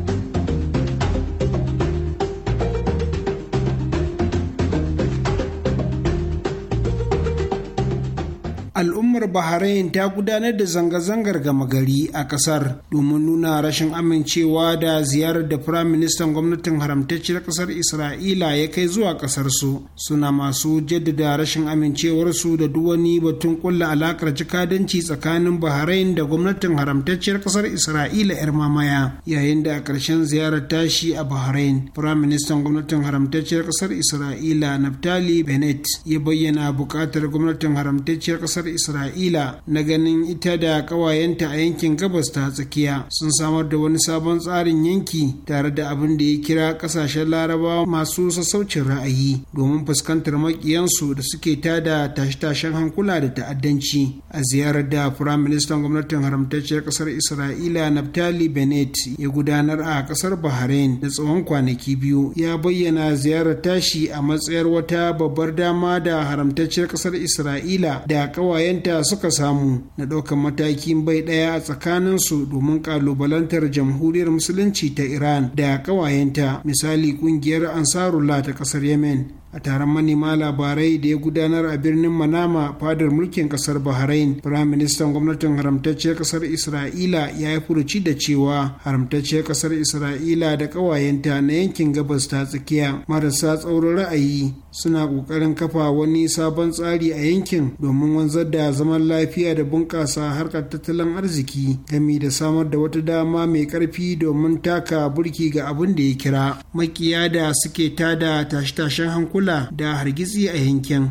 Speaker 11: bahrain ta gudanar da zanga-zangar gama gari a kasar domin nuna rashin amincewa da ziyarar da firayim ministan gwamnatin haramtacciyar kasar isra'ila ya kai zuwa kasar su suna masu jaddada rashin amincewarsu da duk wani batun kulla alakar jikadanci tsakanin bahrain da gwamnatin haramtacciyar kasar isra'ila yar mamaya yayin da a ƙarshen ziyarar tashi a bahrain firayim ministan gwamnatin haramtacciyar kasar isra'ila naftali bennett ya bayyana buƙatar gwamnatin haramtacciyar kasar isra'ila isra'ila na ganin ita da ƙawayenta a yankin gabas ta tsakiya sun samar da wani sabon tsarin yanki tare da abin da ya kira ƙasashen larabawa masu sassaucin ra'ayi domin fuskantar maƙiyansu da suke ta da tashe-tashen hankula da ta'addanci a ziyarar da firaministan gwamnatin haramtacciyar ƙasar isra'ila naftali bennett ya gudanar a ƙasar bahrain da tsawon kwanaki biyu ya bayyana ziyarar tashi a matsayar wata babbar dama da haramtacciyar ƙasar isra'ila da ƙawayenta suka samu na ɗaukan matakin bai ɗaya a tsakaninsu domin ƙalubalantar jamhuriyar musulunci ta iran da ƙawayenta misali ƙungiyar ansarullah ta ƙasar yemen a taron manema labarai da ya gudanar a birnin manama fadar mulkin kasar bahrain firaministan gwamnatin haramtacciyar kasar isra'ila ya yi furuci da cewa haramtacciyar kasar isra'ila da ƙawayenta na yankin gabas ta tsakiya marasa tsaurin ra'ayi suna ƙoƙarin kafa wani sabon tsari a yankin domin wanzar da zaman lafiya da bunƙasa harkar tattalin arziki gami da samar da wata dama mai ƙarfi domin taka burki ga abin da ya kira makiya da suke tada tashe-tashen hankula kula da hargitsi a yankin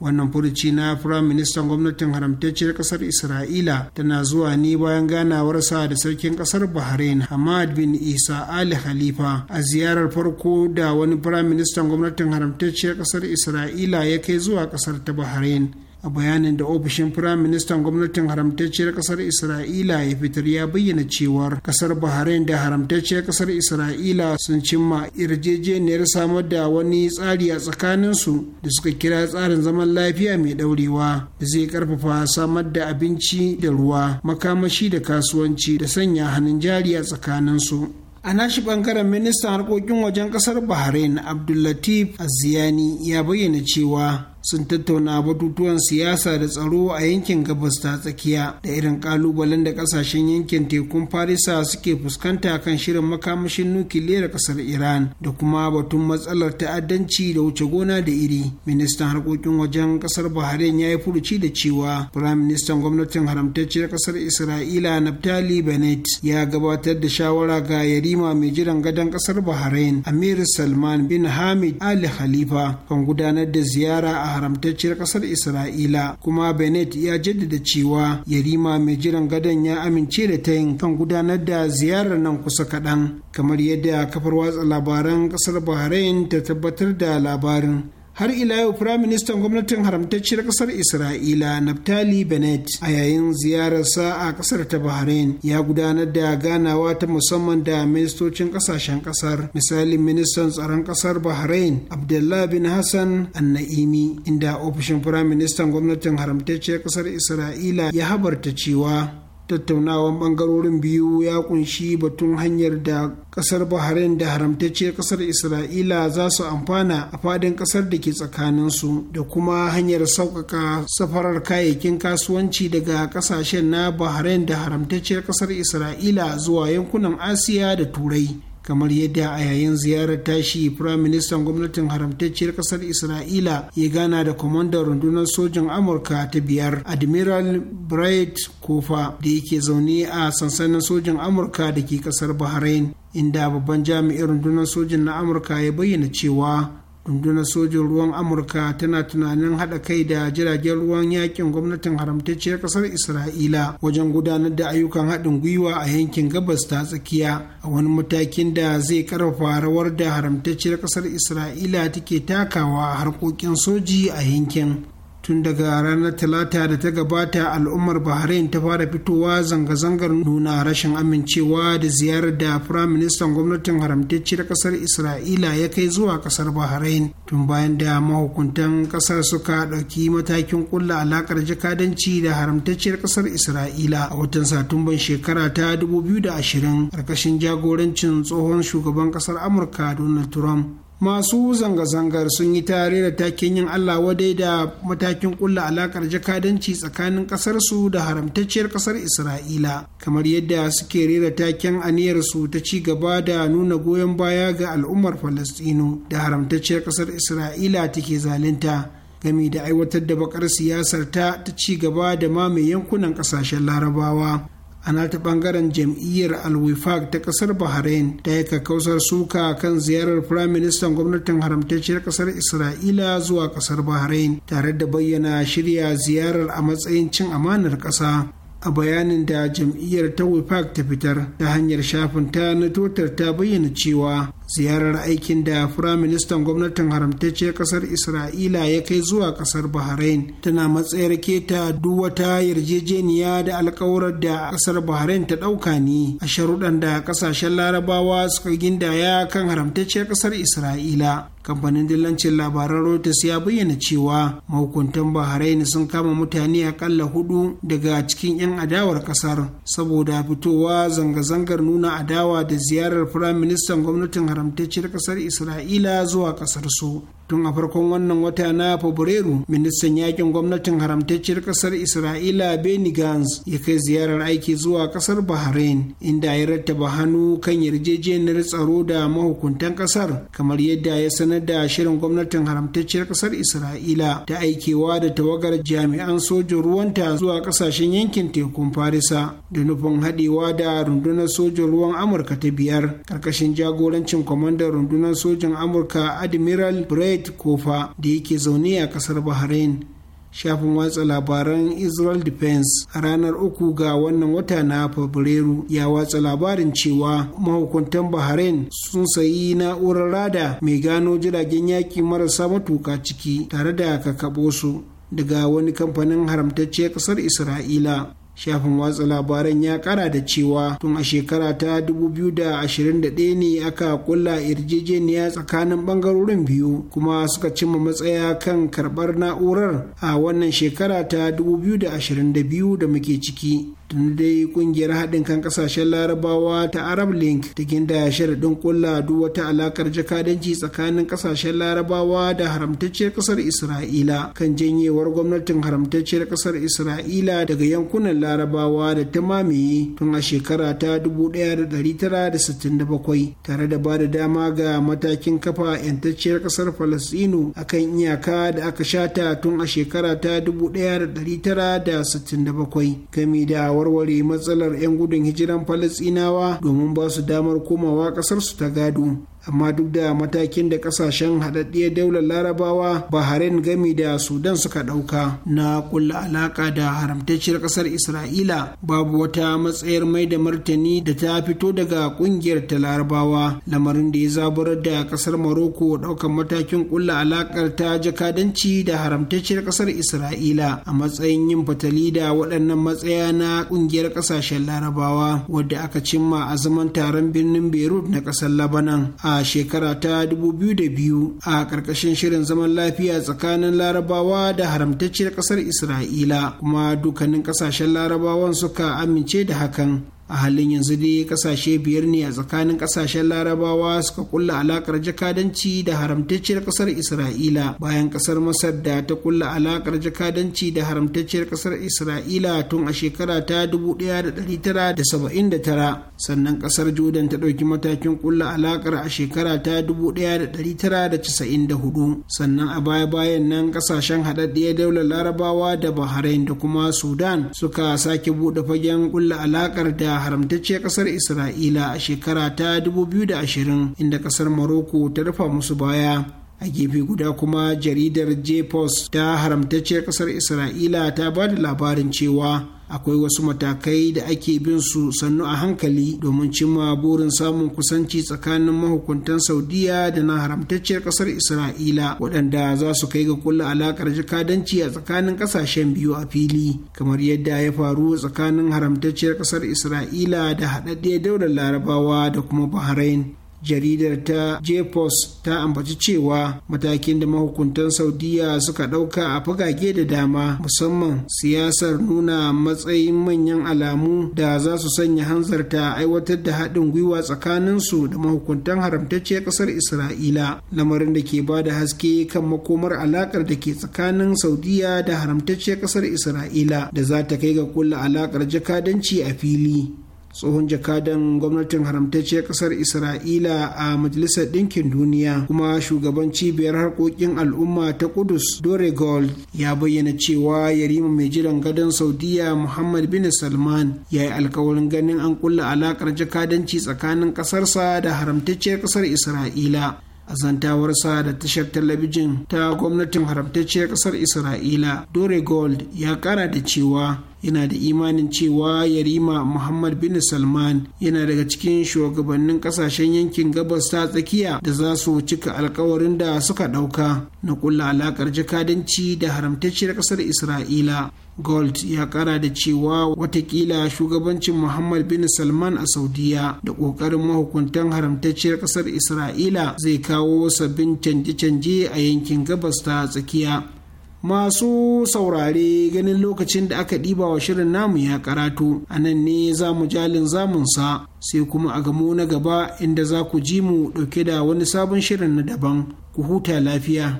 Speaker 11: wannan furuci na firayim ministan gwamnatin haramtacciyar kasar isra'ila tana zuwa ne bayan ganawarsa da sarkin kasar bahrain hamad bin isa ali khalifa a ziyarar farko da wani firayim ministan gwamnatin haramtacciyar kasar isra'ila ya kai zuwa kasar ta bahrain a bayanin da ofishin firaministan gwamnatin haramtacciyar kasar isra'ila ya fitar ya bayyana cewar kasar bahrain da haramtacciyar kasar isra'ila sun cimma yarjejeniyar samar da wani tsari a tsakaninsu da suka kira tsarin zaman lafiya mai daurewa da zai karfafa samar da abinci da ruwa makamashi da kasuwanci da sanya hannun jari a tsakaninsu a nashi bangaren ministan harkokin wajen kasar bahrain abdullatif aziyani ya bayyana cewa sun tattauna batutuwan siyasa da tsaro a yankin gabas ta tsakiya da irin kalubalen da kasashen yankin tekun farisa suke fuskanta kan shirin makamashin da kasar iran da kuma batun matsalar ta'addanci da wuce gona da iri ministan harkokin wajen kasar bahrain ya yi furuci da cewa firayim ministan gwamnatin haramtacciyar kasar isra'ila naftali Benet ya gabatar da shawara ga yarima mai jiran gadon kasar bahrain amir salman bin hamid ali khalifa kan gudanar da ziyara a a haramtacciyar ƙasar isra'ila kuma bennett ya jaddada cewa yarima mai jiran gadon ya amince da ta yin kan gudanar da ziyarar nan kusa kaɗan kamar yadda kafar watsa labaran ƙasar bahrain ta tabbatar da labarin har ila yau firaministan gwamnatin haramtacciyar kasar isra'ila naftali benet a yayin ziyararsa a kasar ta bahrain ya gudanar da ganawa ta musamman da ministocin kasashen kasar misali ministan tsaron kasar bahrain abdullah bin hassan annaimi inda ofishin firaministan gwamnatin haramtacciyar kasar isra'ila ya habarta cewa tattaunawan bangarorin biyu ya kunshi batun hanyar da kasar bahrain da haramtacciyar kasar isra'ila za su amfana a fadin kasar da ke tsakaninsu da kuma hanyar sauƙaƙa safarar kayayyakin kasuwanci daga kasashen na bahrain da haramtacciyar kasar isra'ila zuwa yankunan asiya da turai kamar yadda a yayin ziyarar tashi firaministan gwamnatin haramtacciyar kasar isra'ila ya gana da kwamandan rundunar sojin amurka ta biyar admiral bright kofa da yake zaune a sansanin sojin amurka da ke kasar bahrain inda babban jami'in rundunar sojin na amurka ya bayyana cewa rundunar sojin ruwan amurka tana tunanin haɗa kai da jiragen ruwan yakin gwamnatin haramtacciyar ƙasar isra'ila wajen gudanar da ayyukan haɗin gwiwa a yankin gabas ta tsakiya a wani matakin da zai ƙarfafa rawar da haramtacciyar ƙasar isra'ila take takawa a harkokin soji a yankin tun daga ranar talata da ta gabata al'ummar bahrain ta fara fitowa zanga-zangar nuna rashin amincewa da ziyarar da firaministan gwamnatin gwamnatin haramtacciyar kasar isra'ila ya kai zuwa kasar bahrain tun bayan da mahukuntan kasar suka ɗauki matakin kulla alakar jakadanci da haramtacciyar kasar isra'ila a watan satumban shekara ta dubu biyu da ashirin ƙarƙashin jagorancin tsohon shugaban kasar amurka donald trump masu zanga-zangar sun yi tare da taken yin Allah wadai da matakin kulla alakar jakadanci tsakanin ƙasarsu da haramtacciyar ƙasar Isra'ila kamar yadda suke rera taken aniyarsu ta ci gaba da nuna goyon baya ga al'ummar Falastinu da haramtacciyar ƙasar Isra'ila take zalunta gami da aiwatar da bakar siyasar ta ta ci gaba da mamaye yankunan ƙasashen Larabawa ana ta bangaren jam'iyyar alwifak ta kasar bahrain ta yi kakkausar suka kan ziyarar firaministan gwamnatin haramtacciyar kasar isra'ila zuwa kasar bahrain tare da bayyana shirya ziyarar a matsayin cin amanar kasa a bayanin da jam'iyyar ta wipac ta fitar ta hanyar shafin ta na totar ta bayyana cewa ziyarar aikin da firaministan gwamnatin haramtacciyar kasar isra'ila ya kai zuwa kasar bahrain tana matsayar keta duk wata yarjejeniya da alkawarar da kasar bahrain ta ɗauka ne a sharuɗan da ƙasashen larabawa suka gindaya kan haramtacciyar kasar isra'ila kamfanin dillancin labaran Reuters ya bayyana cewa mahukuntan Bahrain sun kama mutane akalla hudu daga cikin 'yan adawar kasar saboda fitowa zanga-zangar nuna adawa da ziyarar firaministan gwamnatin haramtacciyar kasar Isra'ila zuwa kasar su tun a farkon wannan wata na fabrairu ministan yakin gwamnatin haramtacciyar kasar isra'ila benny gantz ya kai ziyarar aiki zuwa kasar bahrain inda ya rattaba hannu kan yarjejeniyar tsaro da mahukuntan kasar kamar yadda ya sanar da shirin gwamnatin haramtacciyar kasar isra'ila ta aikewa da tawagar jami'an sojin ruwanta zuwa kasashen yankin tekun farisa da nufin haɗewa da rundunar sojin ruwan amurka ta biyar ƙarƙashin jagorancin kwamandan rundunar sojin amurka admiral brett Ahmed Kofa da yake zaune a kasar Bahrain. Shafin watsa labaran Israel Defense a ranar uku ga wannan wata na Fabrairu ya watsa labarin cewa mahukuntan Bahrain sun sayi na'urar rada mai gano jiragen yaƙi marasa matuka ciki tare da kakaɓo su daga wani kamfanin haramtacce ƙasar Isra'ila. shafin watsa labaran ya kara da cewa tun a shekara ta 2021 ne aka kulla yarjejeniya tsakanin bangarorin biyu kuma suka cimma matsaya kan karbar na'urar a wannan shekara ta 2022 da muke ciki tun dai kungiyar haɗin kan ƙasashen larabawa ta arab link ta ginda sharaɗin kulla duk wata alakar jakadanci tsakanin ƙasashen larabawa da haramtacciyar ƙasar isra'ila kan janyewar gwamnatin haramtacciyar ƙasar isra'ila daga yankunan larabawa da ta mamaye tun a shekara ta 1967 tare da ba da dama ga matakin kafa 'yantacciyar ƙasar falastinu akan iyaka da aka shata tun a shekara ta 1967 gami da warware matsalar 'yan gudun hijiran falasinawa domin ba su damar komawa ƙasarsu ta gado amma duk da matakin da kasashen haɗaɗɗiyar daular larabawa bahrain gami da sudan suka ɗauka na kulla alaƙa da haramtacciyar ƙasar isra'ila babu wata matsayar mai da martani da ta fito daga ƙungiyar ta larabawa lamarin da ya zaburar da ƙasar maroko ɗaukar matakin kulla alaƙar ta jakadanci da haramtacciyar ƙasar isra'ila a matsayin yin fatali da waɗannan matsaya na ƙungiyar ƙasashen larabawa wadda aka cimma a zaman taron birnin beirut na ƙasar labanan a a shekara ta 2002 a ƙarƙashin shirin zaman lafiya tsakanin larabawa da haramtacciyar ƙasar isra'ila kuma dukkanin ƙasashen larabawan suka amince da hakan a halin yanzu dai kasashe biyar ne a tsakanin kasashen larabawa suka kulla alakar jakadanci da haramtacciyar kasar isra'ila bayan kasar masar da ta kulla alakar jakadanci da haramtacciyar kasar isra'ila tun a shekara ta 1979 sannan kasar jordan ta ɗauki matakin kulla alakar a shekara ta 1994 sannan a baya-bayan nan kasashen haɗaɗɗiyar daular larabawa da bahrain da kuma sudan suka sake buɗe fagen kulla alakar da haramtacciyar kasar isra'ila a shekara ta 2020 inda kasar maroko ta rufa musu baya a gefe guda kuma jaridar jpos ta haramtacciyar kasar isra'ila ta ba da labarin cewa akwai wasu matakai da ake bin su sannu a hankali domin cimma burin samun kusanci tsakanin mahukuntan saudiya da na haramtacciyar kasar isra'ila waɗanda za su kai ga kulla alaƙar jakadanci a tsakanin ƙasashen biyu a fili kamar yadda ya faru tsakanin haramtacciyar kasar isra'ila da haɗaɗɗe daular larabawa da kuma bahrain jaridar ta jepos ta ambaci cewa matakin da mahukuntan saudiya suka ɗauka a fagage da dama musamman siyasar nuna matsayin manyan alamu da za su sanya hanzarta aiwatar da haɗin gwiwa tsakaninsu da mahukuntan haramtacciyar ƙasar isra'ila lamarin da ke ba da haske kan makomar alaƙar da ke tsakanin saudiya da haramtacciyar ƙasar isra'ila da za ta kai ga kulla alaƙar jakadanci a fili tsohon jakadan gwamnatin haramtacciyar kasar isra'ila a majalisar ɗinkin duniya kuma shugaban cibiyar harkokin al'umma ta kudus dore gold ya bayyana cewa yarima mai jiran gadon saudiya muhammad bin salman ya yi alkawarin ganin an kulla alakar jakadanci tsakanin kasarsa da haramtacce kasar isra'ila a zantawarsa da tashar talabijin ta gwamnatin haramtacciyar kasar isra'ila dore gold ya kara da cewa yana da imanin cewa yarima muhammad bin salman yana daga cikin shugabannin kasashen yankin gabas ta tsakiya da za su cika alkawarin da suka ɗauka na kulla alakar jakadanci da haramtacciyar ƙasar isra'ila gold ya kara da cewa watakila shugabancin muhammad bin salman a saudiya da ƙoƙarin mahukuntan haramtacciyar ƙasar isra'ila zai kawo sabbin canje-canje a yankin gabas ta tsakiya Masu saurare ganin lokacin da aka ɗiba wa shirin namu ya karatu a nan ne za mu jalin zamunsa sai kuma a gamo na gaba inda za ku ji mu ɗauke da wani sabon shirin na daban ku huta lafiya.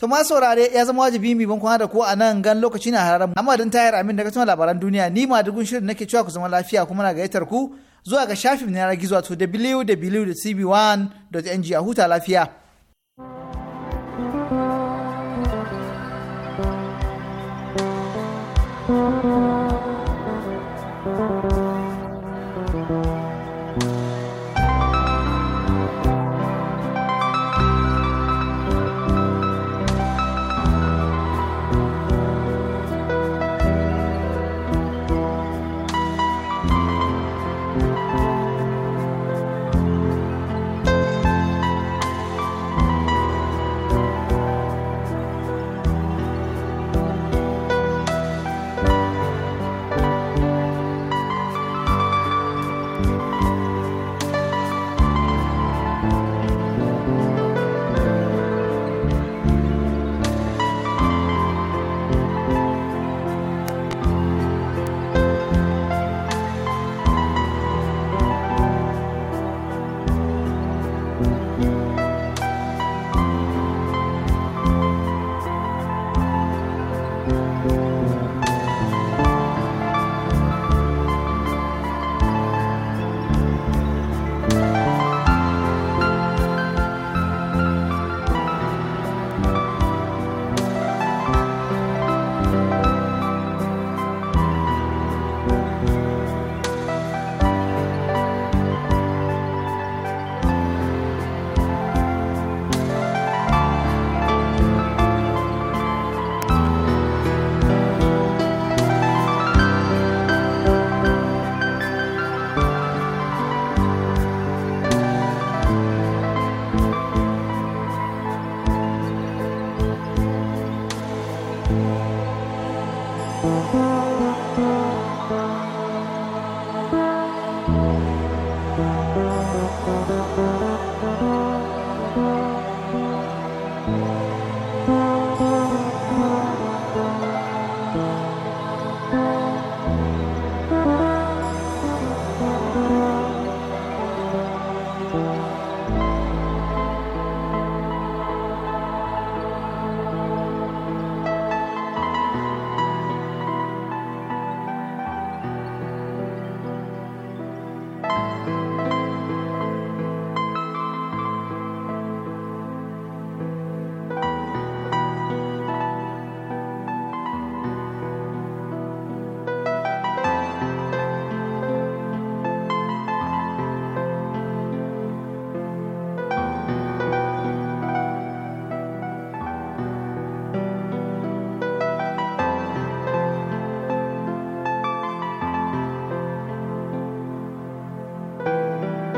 Speaker 3: To ma saurare ya zama wajibi mai kwana da ku a nan gan lokaci na hararren amma don tayar amin daga tun labaran duniya ni ma dugun shirin nake cewa ku zama lafiya kuma na gayyatar ku zuwa ga shafin yanar gizo wato www.cb1.ng a huta lafiya.
Speaker 12: thank you